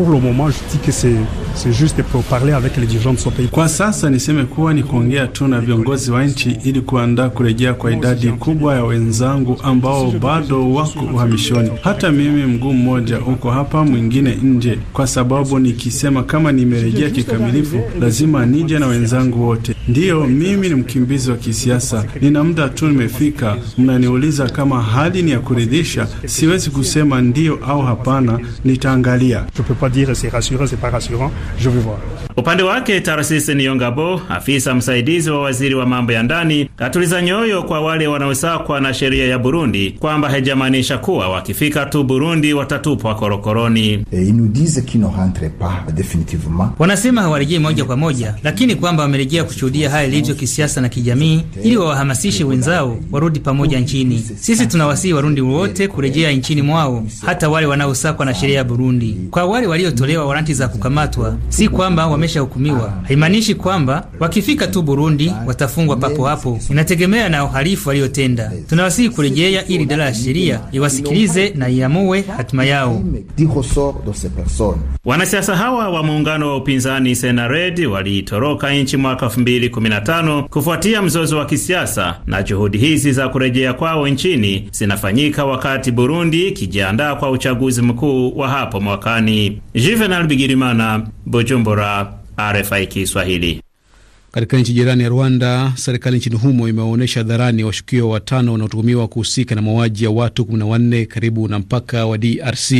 Kwa sasa niseme kuwa ni kuongea tu na viongozi wa nchi ili kuandaa kurejea kwa idadi kubwa ya wenzangu ambao bado wako uhamishoni. Hata mimi mguu mmoja uko hapa, mwingine nje, kwa sababu ni nikisema kama nimerejea kikamilifu, eh, lazima nije na wenzangu wote. Ndiyo, mimi ni mkimbizi wa kisiasa, nina muda tu nimefika. Mnaniuliza kama hali ni ya kuridhisha, siwezi kusema ndiyo au hapana, nitaangalia. Upande wake Tarsis Niongabo, afisa msaidizi wa waziri wa mambo ya ndani atuliza nyoyo kwa wale wanaosakwa na sheria ya Burundi kwamba haijamaanisha kuwa wakifika tu Burundi watatupwa korokoroni. Wanasema hawarejei moja kwa moja, lakini kwamba wamerejea kushuhudia haya ilivyo kisiasa na kijamii, ili wawahamasishe wenzao warudi pamoja nchini. Sisi tunawasihi Warundi wote kurejea nchini mwao, hata wale wanaosakwa na sheria ya Burundi. Kwa wale waliotolewa waranti za kukamatwa, si kwamba wameshahukumiwa, haimaanishi kwamba wakifika tu Burundi watafungwa papo hapo. Inategemea na uhalifu waliotenda. Tunawasihi kurejea ili idara ya sheria iwasikilize na iamue hatima yao. Wanasiasa hawa wa muungano wa upinzani Senared waliitoroka nchi mwaka 2015 kufuatia mzozo wa kisiasa, na juhudi hizi za kurejea kwao nchini zinafanyika wakati Burundi ikijiandaa kwa uchaguzi mkuu wa hapo mwakani. Juvenal Bigirimana, Bujumbura, RFI Kiswahili. Katika nchi jirani ya Rwanda, serikali nchini humo imewaonyesha hadharani washukiwa watano wanaotuhumiwa kuhusika na mauaji ya watu 14 karibu na mpaka wa DRC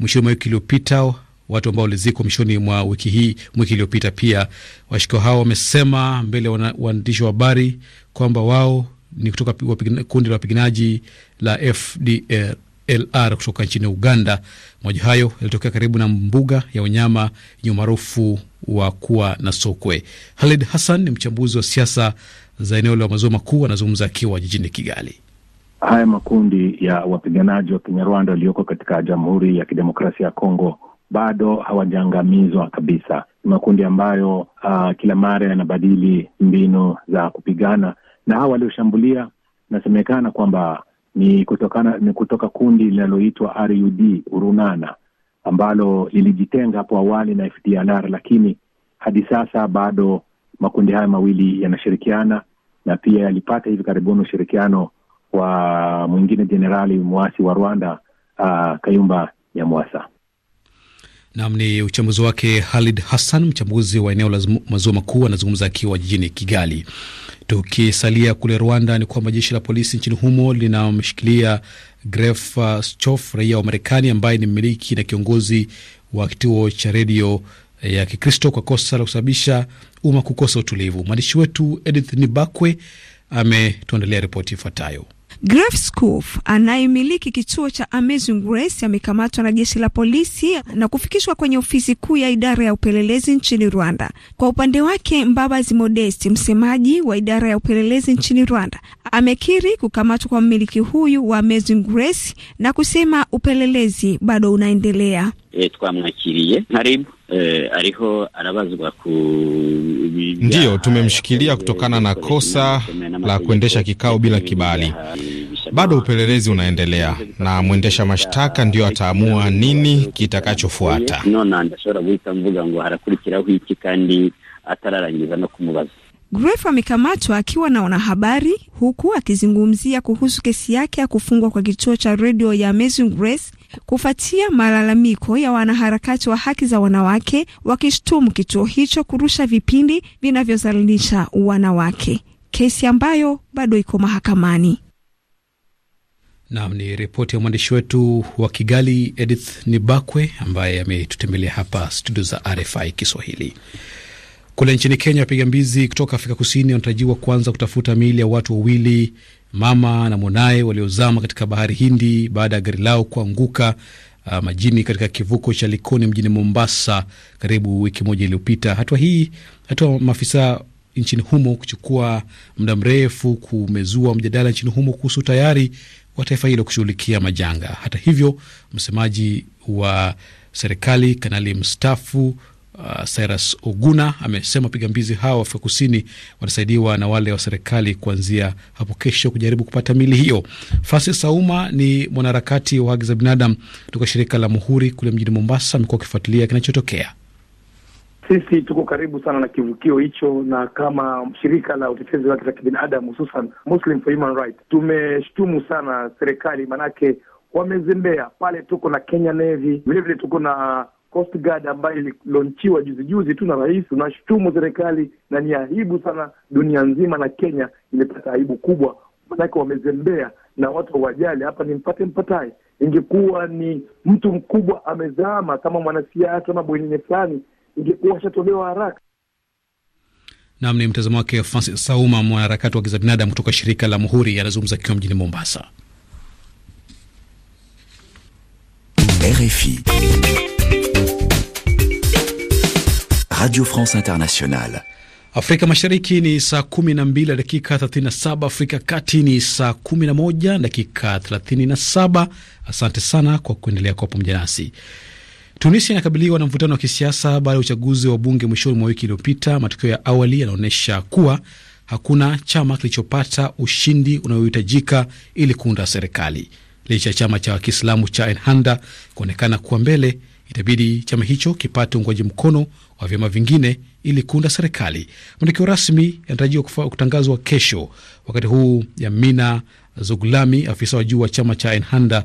mwishoni mwa wiki iliyopita, watu ambao walizikwa mwishoni mwa wiki hii wiki iliyopita. Pia washukiwa hao wamesema mbele ya waandishi wa habari kwamba wao ni kutoka kundi la wapiganaji la FDLR kutoka nchini Uganda. Mmoja hayo yalitokea karibu na mbuga ya wanyama yenye umaarufu wa kuwa na sokwe. Halid Hassan ni mchambuzi wa siasa za eneo la maziwa makuu, anazungumza akiwa jijini Kigali. Haya makundi ya wapiganaji wa Kinyarwanda walioko katika Jamhuri ya Kidemokrasia ya Kongo bado hawajaangamizwa kabisa. Ni makundi ambayo uh, kila mara yanabadili mbinu za kupigana, na hawa walioshambulia inasemekana kwamba ni kutokana ni kutoka kundi linaloitwa RUD Urunana ambalo lilijitenga hapo awali na FDLR, lakini hadi sasa bado makundi haya mawili yanashirikiana na pia yalipata hivi karibuni ushirikiano wa mwingine jenerali mwasi wa Rwanda, uh, Kayumba Nyamwasa. Nam ni uchambuzi wake Halid Hassan, mchambuzi wa eneo la maziwa makuu, anazungumza akiwa jijini Kigali. Tukisalia kule Rwanda, ni kwamba jeshi la polisi nchini humo linamshikilia Gref uh, Schof, raia wa Marekani ambaye ni mmiliki na kiongozi wa kituo cha redio eh, ya Kikristo kwa kosa la kusababisha umma kukosa utulivu. Mwandishi wetu Edith Nibakwe ametuandalia ripoti ifuatayo. Grafskov anayemiliki kituo cha Amazing Grace amekamatwa na jeshi la polisi na kufikishwa kwenye ofisi kuu ya idara ya upelelezi nchini Rwanda. Kwa upande wake, Mbabazi Modesti, msemaji wa idara ya upelelezi nchini Rwanda, amekiri kukamatwa kwa mmiliki huyu wa Amazing Grace na kusema upelelezi bado unaendelea. E, eh, twamwakirie karibu eh, ariko arabazwa ku ndio tumemshikilia eh, kutokana na kosa la kuendesha kikao bila kibali. Bado upelelezi unaendelea na mwendesha mashtaka ndio ataamua nini kitakachofuata. Gref amekamatwa akiwa na wanahabari huku akizungumzia kuhusu kesi yake ya kufungwa kwa kituo cha redio ya Amazing Grace kufuatia malalamiko ya wanaharakati wa haki za wanawake wakishtumu kituo hicho kurusha vipindi vinavyozalilisha wanawake, kesi ambayo bado iko mahakamani. Nam ni ripoti ya mwandishi wetu wa Kigali, Edith Nibakwe, ambaye ametutembelea hapa studio za RFI Kiswahili. Kule nchini Kenya, wapiga mbizi kutoka Afrika Kusini wanatarajiwa kuanza kutafuta miili ya watu wawili, mama na mwanaye, waliozama katika bahari Hindi baada ya gari lao kuanguka uh, majini katika kivuko cha Likoni mjini Mombasa karibu wiki moja iliyopita. Hatua hii hatua maafisa nchini humo kuchukua muda mrefu kumezua mjadala nchini humo kuhusu tayari wa taifa hilo kushughulikia majanga. Hata hivyo, msemaji wa serikali kanali mstaafu uh, Cyrus Oguna amesema mbizi hao wa Afrika Kusini watasaidiwa na wale wa serikali kuanzia hapo kesho kujaribu kupata mili hiyo. Francis sauma ni mwanaharakati wa haki za binadamu kutoka shirika la Muhuri kule mjini Mombasa. Amekuwa akifuatilia kinachotokea. Sisi tuko karibu sana na kivukio hicho, na kama shirika la utetezi wa haki za kibinadamu hususan Muslim for Human Rights tumeshtumu sana serikali, manake wamezembea pale. Tuko na Kenya Navy, vilevile tuko na Coast Guard ambayo ililonchiwa juzi juzi tu na rais. Tunashutumu serikali na ni aibu sana, dunia nzima na Kenya imepata aibu kubwa, manake wamezembea na watu wajali hapa ni mpate mpatae Ingekuwa ni mtu mkubwa amezama kama mwanasiasa ama bwenyenye fulani, ingekuwa ashatolewa haraka. Nam ni mtazamo wake Francis Sauma, mwanaharakati wa haki za binadamu kutoka shirika la Muhuri, anazungumza akiwa mjini Mombasa. RFI. Radio France Internationale. Afrika Mashariki ni saa 12 dakika 37, Afrika Kati ni saa 11 dakika 37. Asante sana kwa kuendelea kwa pamoja nasi. Tunisia inakabiliwa na mvutano wa kisiasa baada ya uchaguzi wa bunge mwishoni mwa wiki iliyopita. Matokeo ya awali yanaonyesha kuwa hakuna chama kilichopata ushindi unaohitajika ili kuunda serikali, licha ya chama cha Kiislamu cha Ennahda kuonekana kuwa mbele itabidi chama hicho kipate uungwaji mkono wa vyama vingine ili kuunda serikali. Matokeo rasmi yanatarajiwa kutangazwa kesho. Wakati huu Yamina Zuglami, afisa wa juu wa chama cha Enhanda,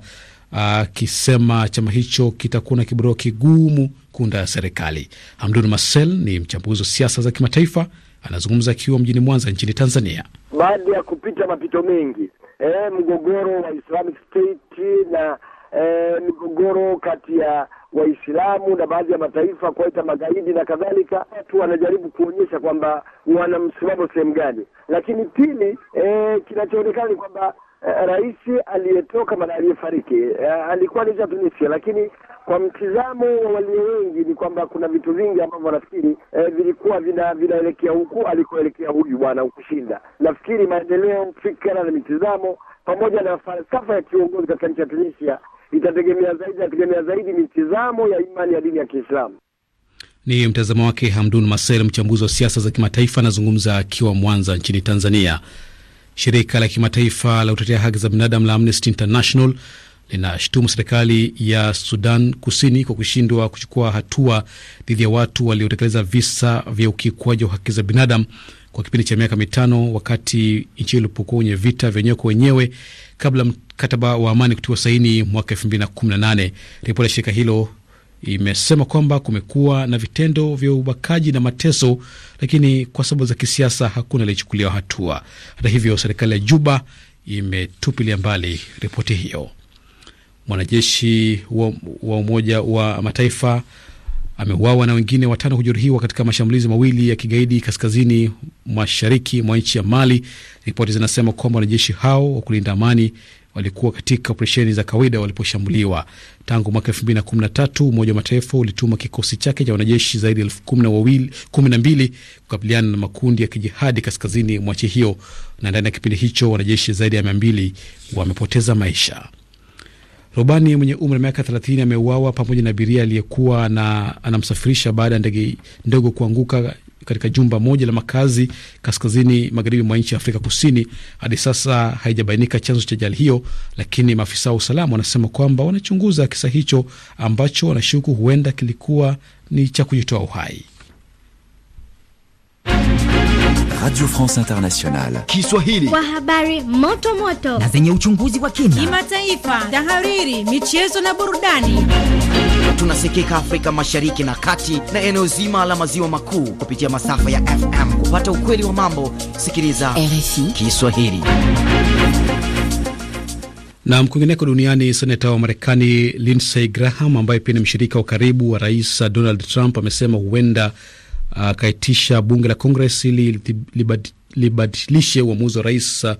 akisema uh, chama hicho kitakuwa na kibarua kigumu kuunda serikali. Hamdun Marcel ni mchambuzi wa siasa za kimataifa, anazungumza akiwa mjini Mwanza nchini Tanzania. Baada ya kupita mapito mengi, eh, mgogoro wa Islamic State na e, migogoro kati ya Waislamu na baadhi ya mataifa kuwaita magaidi na kadhalika. Watu wanajaribu kuonyesha kwamba wana msimamo sehemu gani, lakini pili, e, kinachoonekana ni kwamba eh, rais aliyetoka mara aliyefariki alikuwa ni Tunisia, lakini kwa mtizamo wa walio wengi ni kwamba kuna vitu vingi ambavyo nafikiri eh, vilikuwa vina vinaelekea huku alikoelekea huyu bwana ukushinda. Nafikiri maendeleo, fikira na mitizamo pamoja na falsafa ya kiongozi katika nchi ya Tunisia itategemea zaidi itategemea zaidi mitizamo ya imani ya dini ya Kiislamu. Ni mtazamo wake Hamdun Masel, mchambuzi wa siasa za kimataifa, anazungumza akiwa Mwanza nchini Tanzania. Shirika la kimataifa la kutetea haki za binadamu la Amnesty International linashutumu serikali ya Sudan Kusini kwa kushindwa kuchukua hatua dhidi ya watu waliotekeleza visa vya ukiukwaji wa haki za binadamu kwa kipindi cha miaka mitano wakati nchi ilipokuwa kwenye vita vyenyewe kwa wenyewe kabla mkataba wa amani kutiwa saini mwaka nane. Ripoti ya shirika hilo imesema kwamba kumekuwa na vitendo vya ubakaji na mateso, lakini kwa sababu za kisiasa hakuna aliyechukuliwa hatua. Hata hivyo, serikali ya Juba imetupilia mbali ripoti hiyo. Mwanajeshi wa, wa Umoja wa Mataifa ameuawa na wengine watano kujeruhiwa katika mashambulizi mawili ya kigaidi kaskazini mashariki mwa nchi ya Mali. Ripoti zinasema kwamba wanajeshi hao wa kulinda amani walikuwa katika operesheni za kawaida waliposhambuliwa. Tangu mwaka elfu mbili na kumi na tatu Umoja wa Mataifa ulituma kikosi chake cha wanajeshi zaidi ya elfu kumi na mbili kukabiliana na makundi ya kijihadi kaskazini mwa nchi hiyo, na ndani ya kipindi hicho wanajeshi zaidi ya mia mbili wamepoteza maisha. Rubani mwenye umri wa miaka 30 ameuawa pamoja na abiria aliyekuwa anamsafirisha baada ya ndege ndogo kuanguka katika jumba moja la makazi kaskazini magharibi mwa nchi ya Afrika Kusini. Hadi sasa haijabainika chanzo cha ajali hiyo, lakini maafisa wa usalama wanasema kwamba wanachunguza kisa hicho ambacho wanashuku huenda kilikuwa ni cha kujitoa uhai. Radio France Internationale Kiswahili kwa habari moto moto na zenye uchunguzi wa kina, kimataifa, tahariri, michezo na burudani. Tunasikika Afrika Mashariki na Kati na eneo zima la maziwa makuu kupitia masafa ya FM. Kupata ukweli wa mambo, sikiliza RFI Kiswahili. Na mkwingineko duniani, seneta wa Marekani Lindsey Graham ambaye pia ni mshirika wa karibu wa Rais Donald Trump amesema huenda akaitisha bunge la Congress ili libadilishe uamuzi wa rais uh,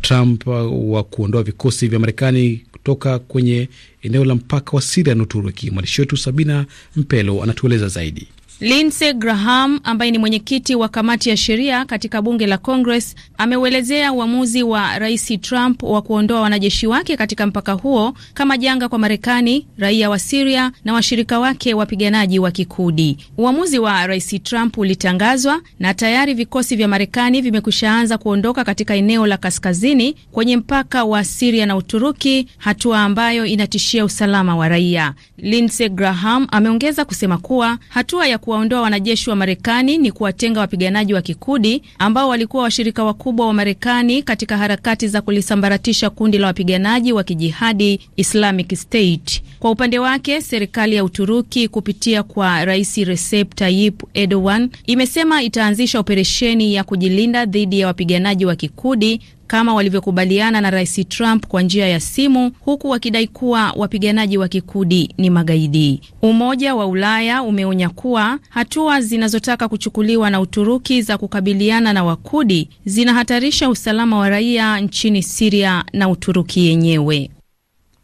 Trump wa kuondoa vikosi vya Marekani kutoka kwenye eneo la mpaka wa Siria na Uturuki. Mwandishi wetu Sabina Mpelo anatueleza zaidi. Lindsey Graham ambaye ni mwenyekiti wa kamati ya sheria katika bunge la Congress ameuelezea uamuzi wa rais Trump wa kuondoa wanajeshi wake katika mpaka huo kama janga kwa Marekani, raia wa Siria na washirika wake wapiganaji wa kikudi Uamuzi wa rais Trump ulitangazwa na tayari vikosi vya Marekani vimekushaanza kuondoka katika eneo la kaskazini kwenye mpaka wa Siria na Uturuki, hatua ambayo inatishia usalama wa raia. Lindsey Graham ameongeza kusema kuwa hatua ya kuwaondoa wanajeshi wa Marekani ni kuwatenga wapiganaji wa kikudi ambao walikuwa washirika wakubwa wa Marekani katika harakati za kulisambaratisha kundi la wapiganaji wa kijihadi Islamic State. Kwa upande wake, serikali ya Uturuki kupitia kwa Rais Recep Tayyip Erdogan imesema itaanzisha operesheni ya kujilinda dhidi ya wapiganaji wa kikudi kama walivyokubaliana na Rais Trump kwa njia ya simu, huku wakidai kuwa wapiganaji wa Kikudi ni magaidi. Umoja wa Ulaya umeonya kuwa hatua zinazotaka kuchukuliwa na Uturuki za kukabiliana na Wakudi zinahatarisha usalama wa raia nchini Siria na Uturuki yenyewe.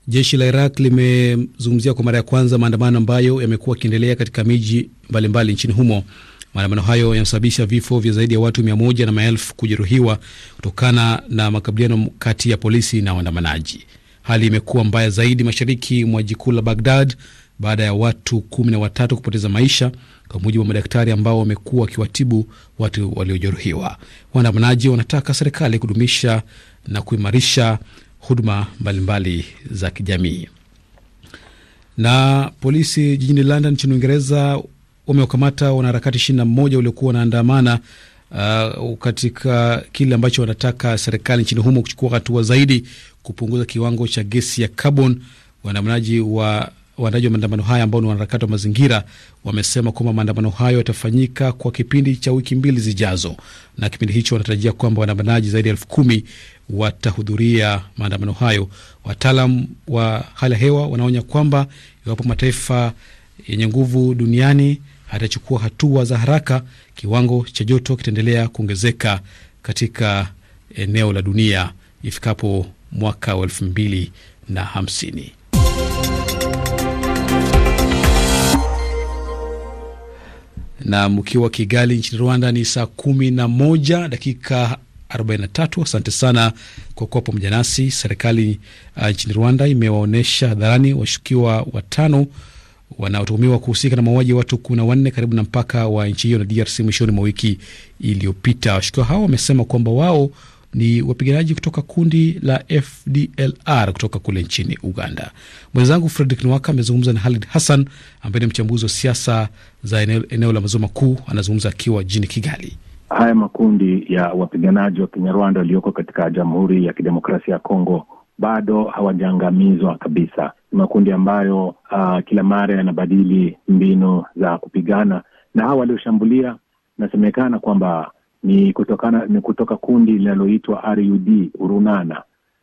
Jeshi la Iraq limezungumzia kwa mara ya kwanza maandamano ambayo yamekuwa yakiendelea katika miji mbalimbali mbali nchini humo. Maandamano hayo yanasababisha vifo vya zaidi ya watu mia moja na maelfu kujeruhiwa kutokana na makabiliano kati ya polisi na waandamanaji. Hali imekuwa mbaya zaidi mashariki mwa jikuu la Bagdad baada ya watu kumi na watatu kupoteza maisha, kwa mujibu wa madaktari ambao wamekuwa wakiwatibu watu waliojeruhiwa. Waandamanaji wanataka serikali kudumisha na kuimarisha huduma mbalimbali za kijamii. Na polisi jijini London nchini Uingereza wamewakamata wanaharakati ishirini na mmoja waliokuwa wanaandamana uh, katika kile ambacho wanataka serikali nchini humo kuchukua hatua zaidi kupunguza kiwango cha gesi ya carbon. Waandamanaji wa waandaji wa maandamano haya ambao ni wanaharakati wa mazingira wamesema kwamba maandamano hayo yatafanyika kwa kipindi cha wiki mbili zijazo, na kipindi hicho wanatarajia kwamba waandamanaji zaidi ya elfu kumi watahudhuria maandamano hayo. Wataalam wa hali ya hewa wanaonya kwamba iwapo mataifa yenye nguvu duniani atachukua hatua za haraka kiwango cha joto kitaendelea kuongezeka katika eneo la dunia ifikapo mwaka wa elfu mbili na hamsini. na mkiwa Kigali nchini Rwanda ni saa kumi na moja dakika 43. Asante sana kwa kuwa pamoja nasi. Serikali uh, nchini Rwanda imewaonyesha hadharani washukiwa watano wanaotuhumiwa kuhusika na mauaji ya watu kumi na wanne karibu na mpaka wa nchi hiyo na DRC mwishoni mwa wiki iliyopita. Washukiwa hao wamesema kwamba wao ni wapiganaji kutoka kundi la FDLR kutoka kule nchini Uganda. Mwenzangu Fredrick Nwaka amezungumza na Halid Hassan ambaye ni mchambuzi wa siasa za eneo, eneo la maziwa makuu. Anazungumza akiwa jijini Kigali. Haya makundi ya wapiganaji wa Kinyarwanda walioko katika Jamhuri ya Kidemokrasia ya Kongo bado hawajaangamizwa kabisa. Ni makundi ambayo uh, kila mara yanabadili mbinu za kupigana, na hawa walioshambulia inasemekana kwamba ni kutokana ni kutoka kundi linaloitwa RUD Urunana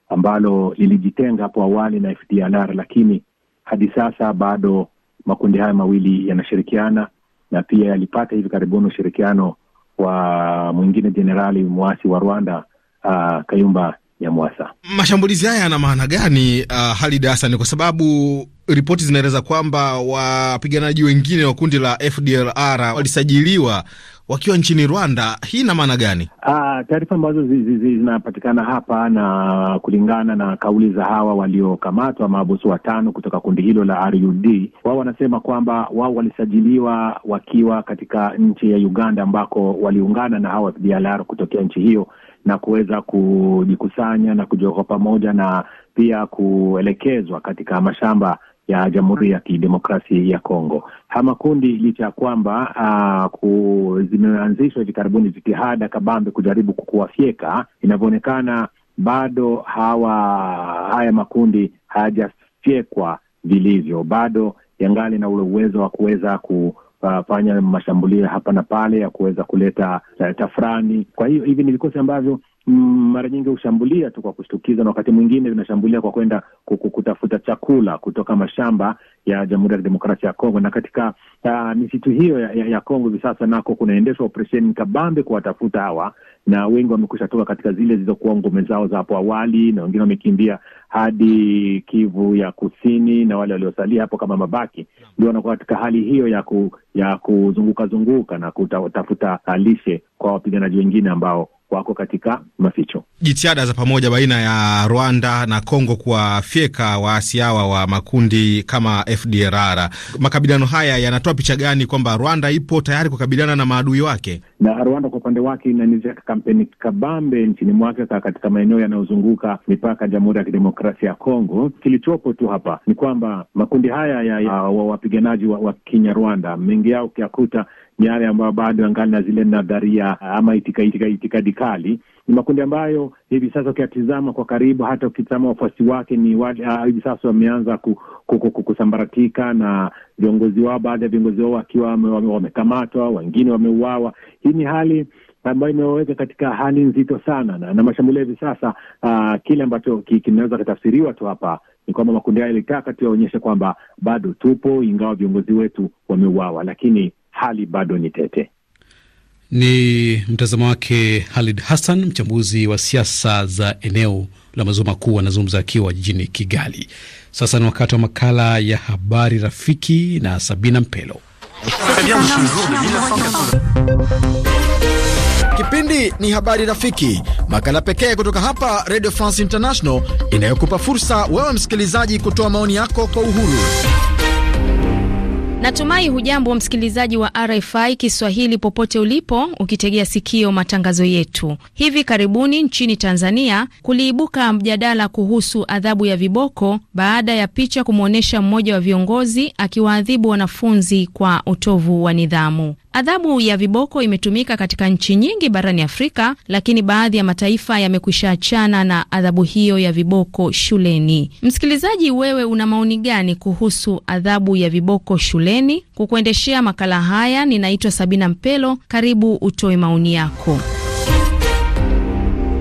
ambalo lilijitenga hapo awali na FDLR, lakini hadi sasa bado makundi haya mawili yanashirikiana na pia yalipata hivi karibuni ushirikiano wa mwingine jenerali mwasi wa Rwanda uh, Kayumba ya Mwasa. Mashambulizi haya yana maana gani, uh, Halid Hassan? Kwa sababu ripoti zinaeleza kwamba wapiganaji wengine wa kundi la FDLR walisajiliwa wakiwa nchini Rwanda. Hii ina maana gani? Ah, taarifa ambazo zinapatikana hapa na kulingana na kauli za hawa waliokamatwa maabusu watano kutoka kundi hilo la RUD, wao wanasema kwamba wao walisajiliwa wakiwa katika nchi ya Uganda ambako waliungana na hawa FDLR kutokea nchi hiyo na kuweza kujikusanya na kujiokwa pamoja na pia kuelekezwa katika mashamba ya Jamhuri mm-hmm. ya kidemokrasi ya Kongo. Haya makundi licha ya kwamba ah, zimeanzishwa hivi karibuni jitihada kabambe kujaribu kuwafyeka, inavyoonekana bado hawa haya makundi hayajafyekwa vilivyo, bado yangali na ule uwezo wa kuweza ku ah, fanya mashambulio hapa na pale ya kuweza kuleta uh, tafrani. Kwa hiyo hivi ni vikosi ambavyo mara nyingi hushambulia tu kwa kushtukiza, na wakati mwingine vinashambulia kwa kwenda kutafuta chakula kutoka mashamba ya Jamhuri ya Kidemokrasia ya Kongo. Na katika uh, misitu hiyo ya, ya, ya Kongo hivi sasa nako kunaendeshwa operesheni kabambe kuwatafuta hawa, na wengi wamekusha toka katika zile zilizokuwa ngome zao za hapo awali, na wengine wamekimbia hadi Kivu ya Kusini, na wale waliosalia hapo kama mabaki ndio wanakuwa katika hali hiyo ya ku, ya kuzunguka zunguka na kutafuta lishe kwa wapiganaji wengine ambao wako katika maficho. Jitihada za pamoja baina ya Rwanda na Kongo kuwafyeka waasi hawa wa makundi kama FDLR, makabiliano haya yanatoa picha gani kwamba Rwanda ipo tayari kukabiliana na maadui wake? Na Rwanda kwa upande wake inaendesha kampeni kabambe nchini mwake katika maeneo yanayozunguka mipaka ya Jamhuri ya Kidemokrasia ya Kongo. Kilichopo tu hapa ni kwamba makundi haya ya, ya, ya wapiganaji wa, wa Kinyarwanda mengi yao ukiyakuta ni yale ambayo bado angali na zile nadharia ama itikadi itika, itika kali. Ni makundi ambayo hivi sasa ukiyatizama kwa karibu, hata ukitizama wafuasi wake ni wale uh, hivi sasa wameanza kusambaratika na viongozi wao, baadhi ya viongozi wao wakiwa wamekamatwa, wame wengine wameuawa. Hii ni hali ambayo imeweka katika hali nzito sana na, na mashambulio hivi sasa uh, kile ambacho kinaweza kitafsiriwa tu hapa ni kwamba makundi hayo ilitaka tu yaonyeshe kwamba bado tupo, ingawa viongozi wetu wameuawa, lakini hali bado ni tete. Ni mtazamo wake Halid Hassan, mchambuzi wa siasa za eneo la maziwa makuu, anazungumza akiwa jijini Kigali. Sasa ni wakati wa makala ya habari rafiki na Sabina Mpelo. Kipindi ni habari rafiki, makala pekee kutoka hapa Radio France International inayokupa fursa wewe msikilizaji kutoa maoni yako kwa uhuru. Natumai hujambo msikilizaji wa RFI Kiswahili popote ulipo, ukitegea sikio matangazo yetu. Hivi karibuni nchini Tanzania kuliibuka mjadala kuhusu adhabu ya viboko baada ya picha kumwonyesha mmoja wa viongozi akiwaadhibu wanafunzi kwa utovu wa nidhamu. Adhabu ya viboko imetumika katika nchi nyingi barani Afrika, lakini baadhi ya mataifa yamekwisha achana na adhabu hiyo ya viboko shuleni. Msikilizaji, wewe una maoni gani kuhusu adhabu ya viboko shuleni? Kukuendeshea makala haya ninaitwa Sabina Mpelo. Karibu utoe maoni yako.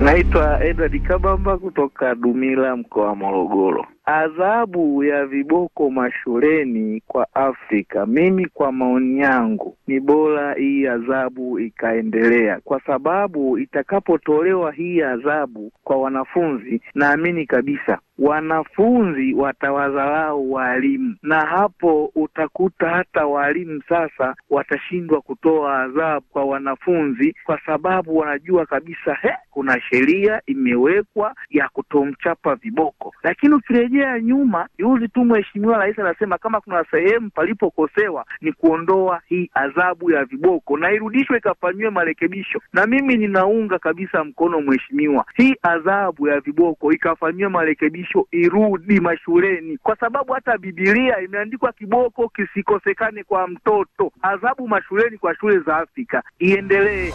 Naitwa Edward Kabamba kutoka Dumila, mkoa wa Morogoro adhabu ya viboko mashuleni kwa Afrika, mimi kwa maoni yangu ni bora hii adhabu ikaendelea, kwa sababu itakapotolewa hii adhabu kwa wanafunzi, naamini kabisa wanafunzi watawadharau walimu, na hapo utakuta hata walimu sasa watashindwa kutoa adhabu kwa wanafunzi, kwa sababu wanajua kabisa he, kuna sheria imewekwa ya kutomchapa viboko, lakini ukirejea tukirejea nyuma, juzi tu mheshimiwa rais anasema kama kuna sehemu palipokosewa ni kuondoa hii adhabu ya viboko na irudishwe ikafanyiwe marekebisho, na mimi ninaunga kabisa mkono mheshimiwa, hii adhabu ya viboko ikafanyiwe marekebisho, irudi mashuleni, kwa sababu hata Bibilia imeandikwa kiboko kisikosekane kwa mtoto. Adhabu mashuleni kwa shule za Afrika iendelee.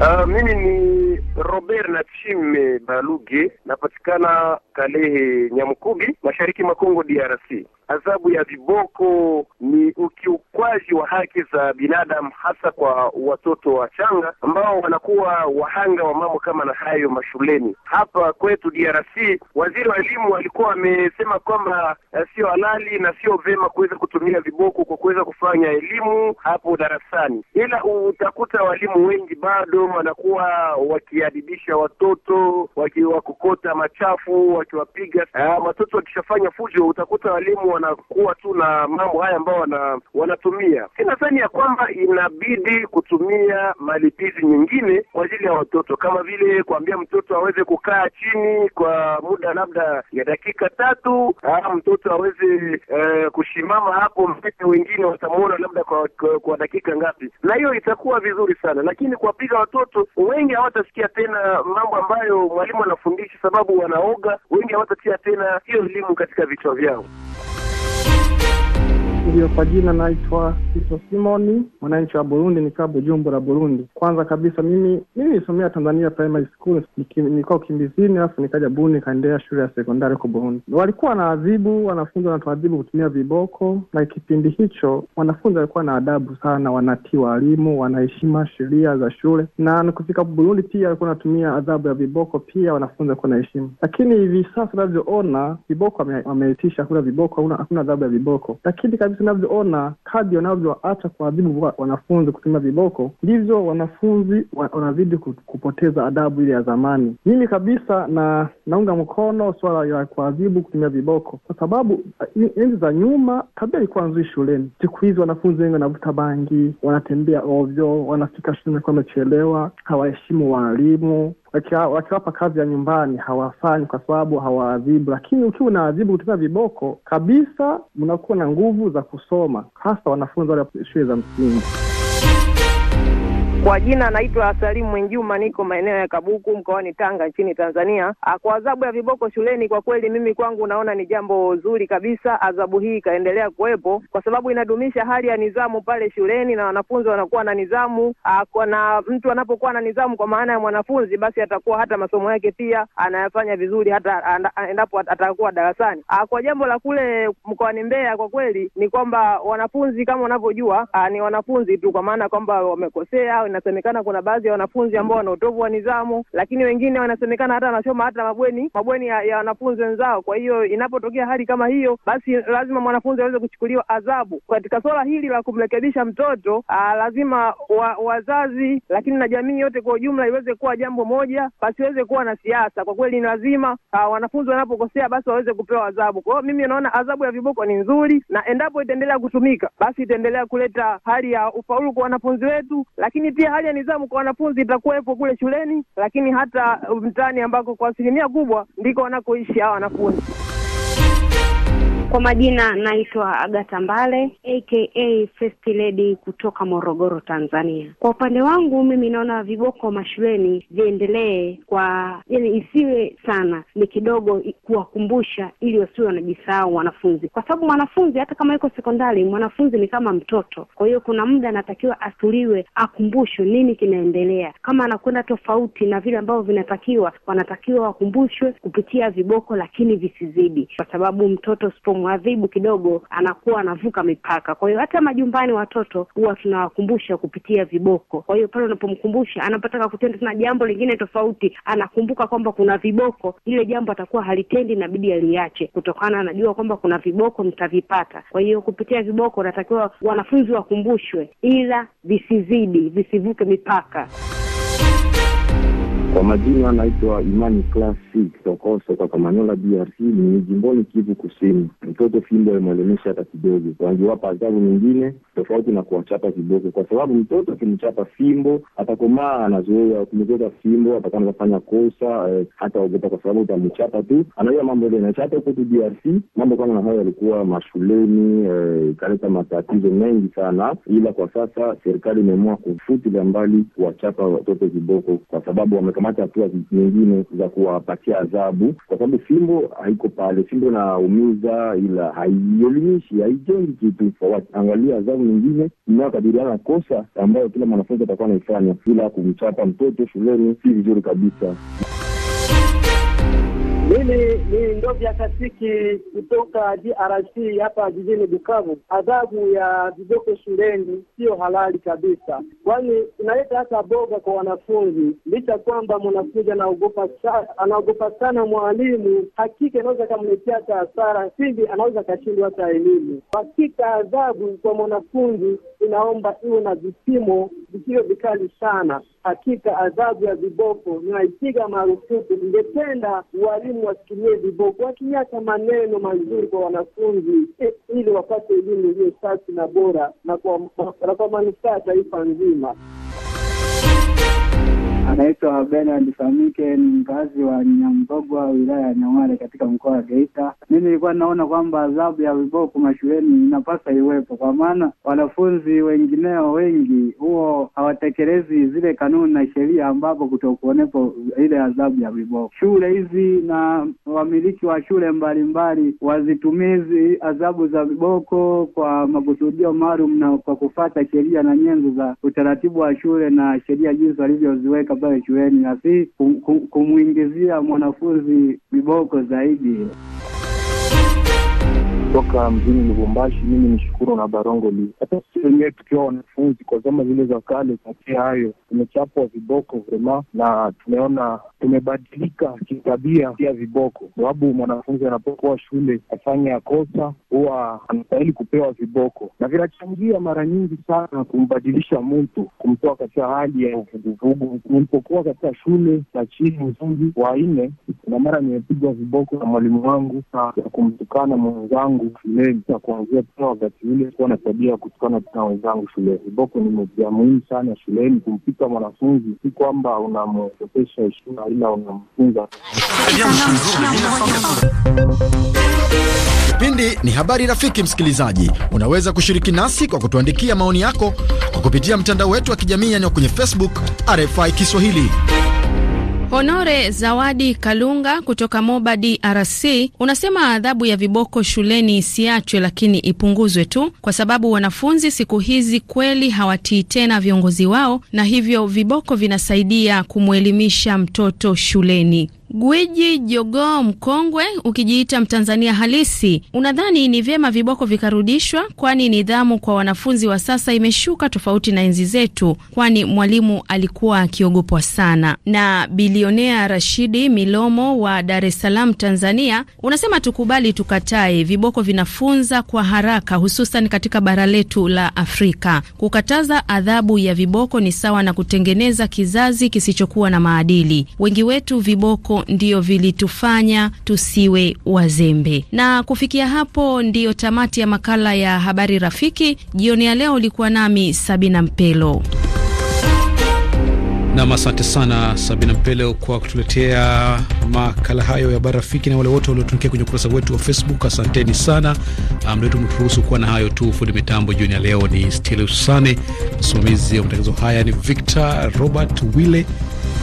Uh, mimi ni Robert Nachime Baluge, napatikana Kalehe nyamukubi mashariki mwa Kongo DRC. Adhabu ya viboko ni ukiukwaji wa haki za binadamu, hasa kwa watoto wachanga ambao wanakuwa wahanga wa mambo kama na hayo mashuleni. Hapa kwetu DRC, waziri wa elimu alikuwa amesema kwamba eh, sio halali na sio vema kuweza kutumia viboko kwa kuweza kufanya elimu hapo darasani, ila utakuta walimu wengi bado wanakuwa waki wakiadibisha watoto, wakiwakokota machafu, wakiwapiga. Ah, watoto wakishafanya fujo, utakuta walimu wanakuwa tu na mambo haya ambao wana, wanatumia. Si nadhani ya kwamba inabidi kutumia malipizi nyingine kwa ajili ya watoto, kama vile kuambia mtoto aweze kukaa chini kwa muda labda ya dakika tatu, aa, ah, mtoto aweze eh, kushimama hapo mpete wengine watamwona labda kwa, kwa, kwa dakika ngapi, na hiyo itakuwa vizuri sana, lakini kuwapiga watoto wengi hawatasikia hawatatia tena mambo ambayo mwalimu anafundisha, sababu wanaoga wengi hawatatia tena hiyo elimu katika vichwa vyao. Ndio, kwa jina naitwa Tito Simoni, mwananchi wa Burundi, nikaa Bujumbura, Burundi. Kwanza kabisa, mimi mimi nilisomea Tanzania primary school, nilikuwa ukimbizini, alafu nikaja Burundi, nikaendelea shule ya sekondari huko Burundi. Walikuwa adhibu wanafunzi, wanatuadhibu kutumia viboko, na kipindi hicho wanafunzi walikuwa na adabu sana, wanatii walimu, wanaheshima sheria za shule, na nikufika Burundi pia walikuwa wanatumia adhabu ya viboko, pia wanafunzi walikuwa na heshima. Lakini hivi sasa unavyoona, viboko wameitisha, hakuna viboko, hakuna adhabu ya viboko, lakini kabisa tunavyoona kadi wanavyoacha kuadhibu wanafunzi kutumia viboko, ndivyo wanafunzi wanazidi kupoteza adabu ile ya zamani. Mimi kabisa na naunga mkono swala ya kuadhibu kutumia viboko, kwa sababu enzi ah, za nyuma tabia ilikuwa nzuri shuleni. Siku hizi wanafunzi wengi wanavuta bangi, wanatembea ovyo, wanafika shuleni wakiwa wamechelewa, hawaheshimu waalimu wakiwapa kazi ya nyumbani hawafanyi kwa sababu hawaadhibu, lakini ukiwa unaadhibu kutumia viboko kabisa, mnakuwa na nguvu za kusoma, hasa wanafunzi wale shule za msingi. Kwa jina naitwa Salimu Mwinjuma, niko maeneo ya Kabuku mkoani Tanga nchini Tanzania. Ah, kwa adhabu ya viboko shuleni, kwa kweli mimi kwangu naona ni jambo zuri kabisa, adhabu hii ikaendelea kuwepo kwa sababu inadumisha hali ya nidhamu pale shuleni na wanafunzi wanakuwa na nidhamu. Ah, na mtu anapokuwa na nidhamu, kwa maana ya mwanafunzi, basi atakuwa hata masomo yake pia anayafanya vizuri, hata endapo atakuwa darasani. Ah, kwa jambo la kule mkoani Mbeya, kwa kweli ni kwamba wanafunzi kama unavyojua ni wanafunzi tu, kwa maana kwamba wamekosea inasemekana kuna baadhi ya wanafunzi ambao wana utovu wa nidhamu, lakini wengine wanasemekana hata wanachoma hata mabweni mabweni ya, ya wanafunzi wenzao. Kwa hiyo inapotokea hali kama hiyo, basi lazima mwanafunzi aweze kuchukuliwa adhabu katika swala hili la kumrekebisha mtoto. Aa, lazima wa, wazazi lakini na jamii yote kwa ujumla iweze kuwa jambo moja, pasiweze kuwa na siasa. Kwa kweli ni lazima wanafunzi wanapokosea basi waweze kupewa adhabu. Kwa hiyo mimi naona adhabu ya viboko ni nzuri, na endapo itaendelea kutumika basi itaendelea kuleta hali ya ufaulu kwa wanafunzi wetu, lakini pia hali ya nidhamu kwa wanafunzi itakuwepo kule shuleni, lakini hata mtaani ambako kwa asilimia kubwa ndiko wanakoishi hawa wanafunzi. Kwa majina naitwa Agata Mbale aka First Lady kutoka Morogoro, Tanzania. Kwa upande wangu mimi naona viboko mashuleni viendelee kwa, yani isiwe sana, ni kidogo kuwakumbusha, ili wasiwe wanajisahau wanafunzi, kwa sababu mwanafunzi hata kama yuko sekondari, mwanafunzi ni kama mtoto. Kwa hiyo kuna muda anatakiwa atuliwe, akumbushwe nini kinaendelea, kama anakwenda tofauti na vile ambavyo vinatakiwa, wanatakiwa wakumbushwe kupitia viboko, lakini visizidi, kwa sababu mtoto sipo unamwadhibu kidogo, anakuwa anavuka mipaka. Kwa hiyo hata majumbani watoto huwa tunawakumbusha kupitia viboko. Kwa hiyo pale unapomkumbusha, anapotaka kutenda tena jambo lingine tofauti, anakumbuka kwamba kuna viboko, ile jambo atakuwa halitendi, inabidi aliache, kutokana anajua kwamba kuna viboko mtavipata. Kwa hiyo kupitia viboko, natakiwa wanafunzi wakumbushwe, ila visizidi, visivuke mipaka. Kwa majina anaitwa Imani Classic Tokoso kwa Kamanyola, DRC, ni jimboni Kivu Kusini. Mtoto fimbo amwelemesha hata kidogo, wangiwapa adhabu nyingine tofauti na kuwachapa kiboko, kwa sababu mtoto akimchapa fimbo atakomaa, anazoea kumzoka fimbo, atakuwa anafanya kosa eh, hata ogopa, kwa sababu utamchapa tu, anajua mambo ile inachapa. Huko tu DRC mambo kama na hayo yalikuwa mashuleni, eh, ikaleta matatizo mengi sana, ila kwa sasa serikali imeamua kufutilia mbali kuwachapa watoto kiboko kwa sababu wameka kukamata hatua nyingine za kuwapatia adhabu, kwa sababu fimbo haiko pale. Fimbo naumiza ila haielimishi, haijengi kitu. Waangalia adhabu nyingine inayokabiliana na kosa ambayo kila mwanafunzi atakuwa anaifanya, ila kumchapa mtoto shuleni si vizuri kabisa. Mimi ni Ndovya Kasiki kutoka DRC hapa jijini Bukavu. Adhabu ya viboko shuleni siyo halali kabisa, kwani inaleta hata boga kwa wanafunzi. Licha kwamba mwanafunzi anaogopa sana, anaogopa sana mwalimu, hakika inaweza kamletea hata hasara, sivi anaweza akashindwa hata elimu. Hakika adhabu kwa mwanafunzi inaomba iwe na vipimo visivyo vikali sana. Hakika adhabu ya viboko ninaipiga marufuku, ningependa walimu walimu wasitumie viboko, wakiacha maneno mazuri kwa wanafunzi e, ili wapate elimu iliyo safi na bora na kwa manufaa ya taifa nzima. Anaitwa Bernard Famike, ni mkazi wa Nyamvogwa, wilaya ya Nyamwale, katika mkoa wa Geita. Mimi nilikuwa naona kwamba adhabu ya viboko mashuleni inapasa iwepo, kwa maana wanafunzi wengineo wengi huo hawatekelezi zile kanuni na sheria, ambapo kutokuonepo ile adhabu ya viboko. Shule hizi na wamiliki wa shule mbalimbali wazitumizi adhabu za viboko kwa makusudio maalum na kwa kufata sheria na nyenzo za utaratibu wa shule na sheria jinsi walivyoziweka ambayo chuoni na si kumwingizia mwanafunzi viboko zaidi kutoka mjini Lubumbashi. Mimi ni Shukuru na Barongo Li. Hata sisi wenyewe tukiwa wanafunzi kwa zama zile za kale, katia hayo tumechapwa viboko vrema, na tumeona tumebadilika kitabia pia viboko, sababu mwanafunzi anapokuwa shule afanya kosa huwa anastahili kupewa viboko, na vinachangia mara nyingi sana kumbadilisha mtu, kumtoa katika hali ya uvuguvugu. Nilipokuwa katika shule za chini mzungi wa nne, na mara nimepigwa viboko na mwalimu wangu ya kumtukana mwenzangu wenzangu kuanzia tena wakati ule kuwa na tabia ya kutokana tena wenzangu shuleni. boko ni moja muhimu sana shuleni. kumpika mwanafunzi si kwamba unamwezesha heshima, ila unamfunza Kipindi ni habari rafiki. Msikilizaji, unaweza kushiriki nasi kwa kutuandikia maoni yako kwa kupitia mtandao wetu wa kijamii, yaani kwenye Facebook RFI Kiswahili. Honore Zawadi Kalunga kutoka Moba DRC unasema adhabu ya viboko shuleni isiachwe, lakini ipunguzwe tu, kwa sababu wanafunzi siku hizi kweli hawatii tena viongozi wao, na hivyo viboko vinasaidia kumwelimisha mtoto shuleni. Gwiji Jogoo mkongwe ukijiita Mtanzania halisi, unadhani ni vyema viboko vikarudishwa? Kwani nidhamu kwa wanafunzi wa sasa imeshuka tofauti na enzi zetu, kwani mwalimu alikuwa akiogopwa sana. Na bilionea Rashidi Milomo wa Dar es Salaam, Tanzania, unasema tukubali tukatae, viboko vinafunza kwa haraka, hususan katika bara letu la Afrika. Kukataza adhabu ya viboko ni sawa na kutengeneza kizazi kisichokuwa na maadili. Wengi wetu viboko ndio vilitufanya tusiwe wazembe. Na kufikia hapo ndiyo tamati ya makala ya habari rafiki jioni ya leo. Ulikuwa nami Sabina Mpelo. Nam, asante sana Sabina Mpelo kwa kutuletea makala hayo ya habari rafiki, na wale wote waliotumikia kwenye ukurasa wetu wa Facebook, asanteni sana. Ah, Mdowetu umeturuhusu kuwa na hayo tu. Fundi mitambo jioni ya leo ni Steliusane, msimamizi wa matangazo haya ni Victor Robert Wille.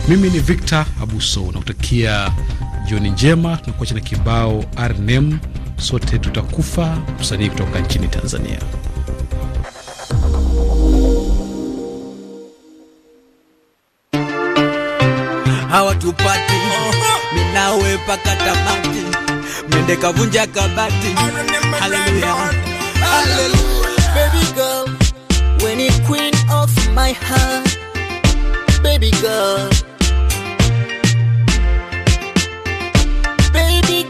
Mimi ni Victor Abuso, nakutakia jioni njema. Tunakuacha na kibao RNM sote tutakufa, msanii kutoka nchini Tanzania. Hawatupati tamati, mende kavunja kabati. Haleluya, haleluya. Baby girl, when you queen of my heart. Baby girl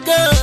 go.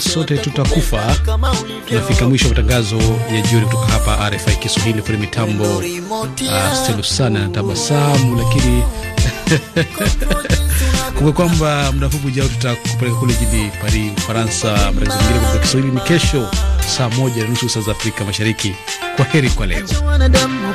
sote tutakufa. Tunafika mwisho wa matangazo ya jioni kutoka hapa RFI Kiswahili. Kwenye mitambo ah, sana na tabasamu, lakini kumbe kwamba muda mfupi ujao tutakupeleka kule jijini Paris, Ufaransa. Matangazo mengine kutoka Kiswahili ni kesho saa moja na nusu saa za Afrika Mashariki. Kwa heri kwa leo.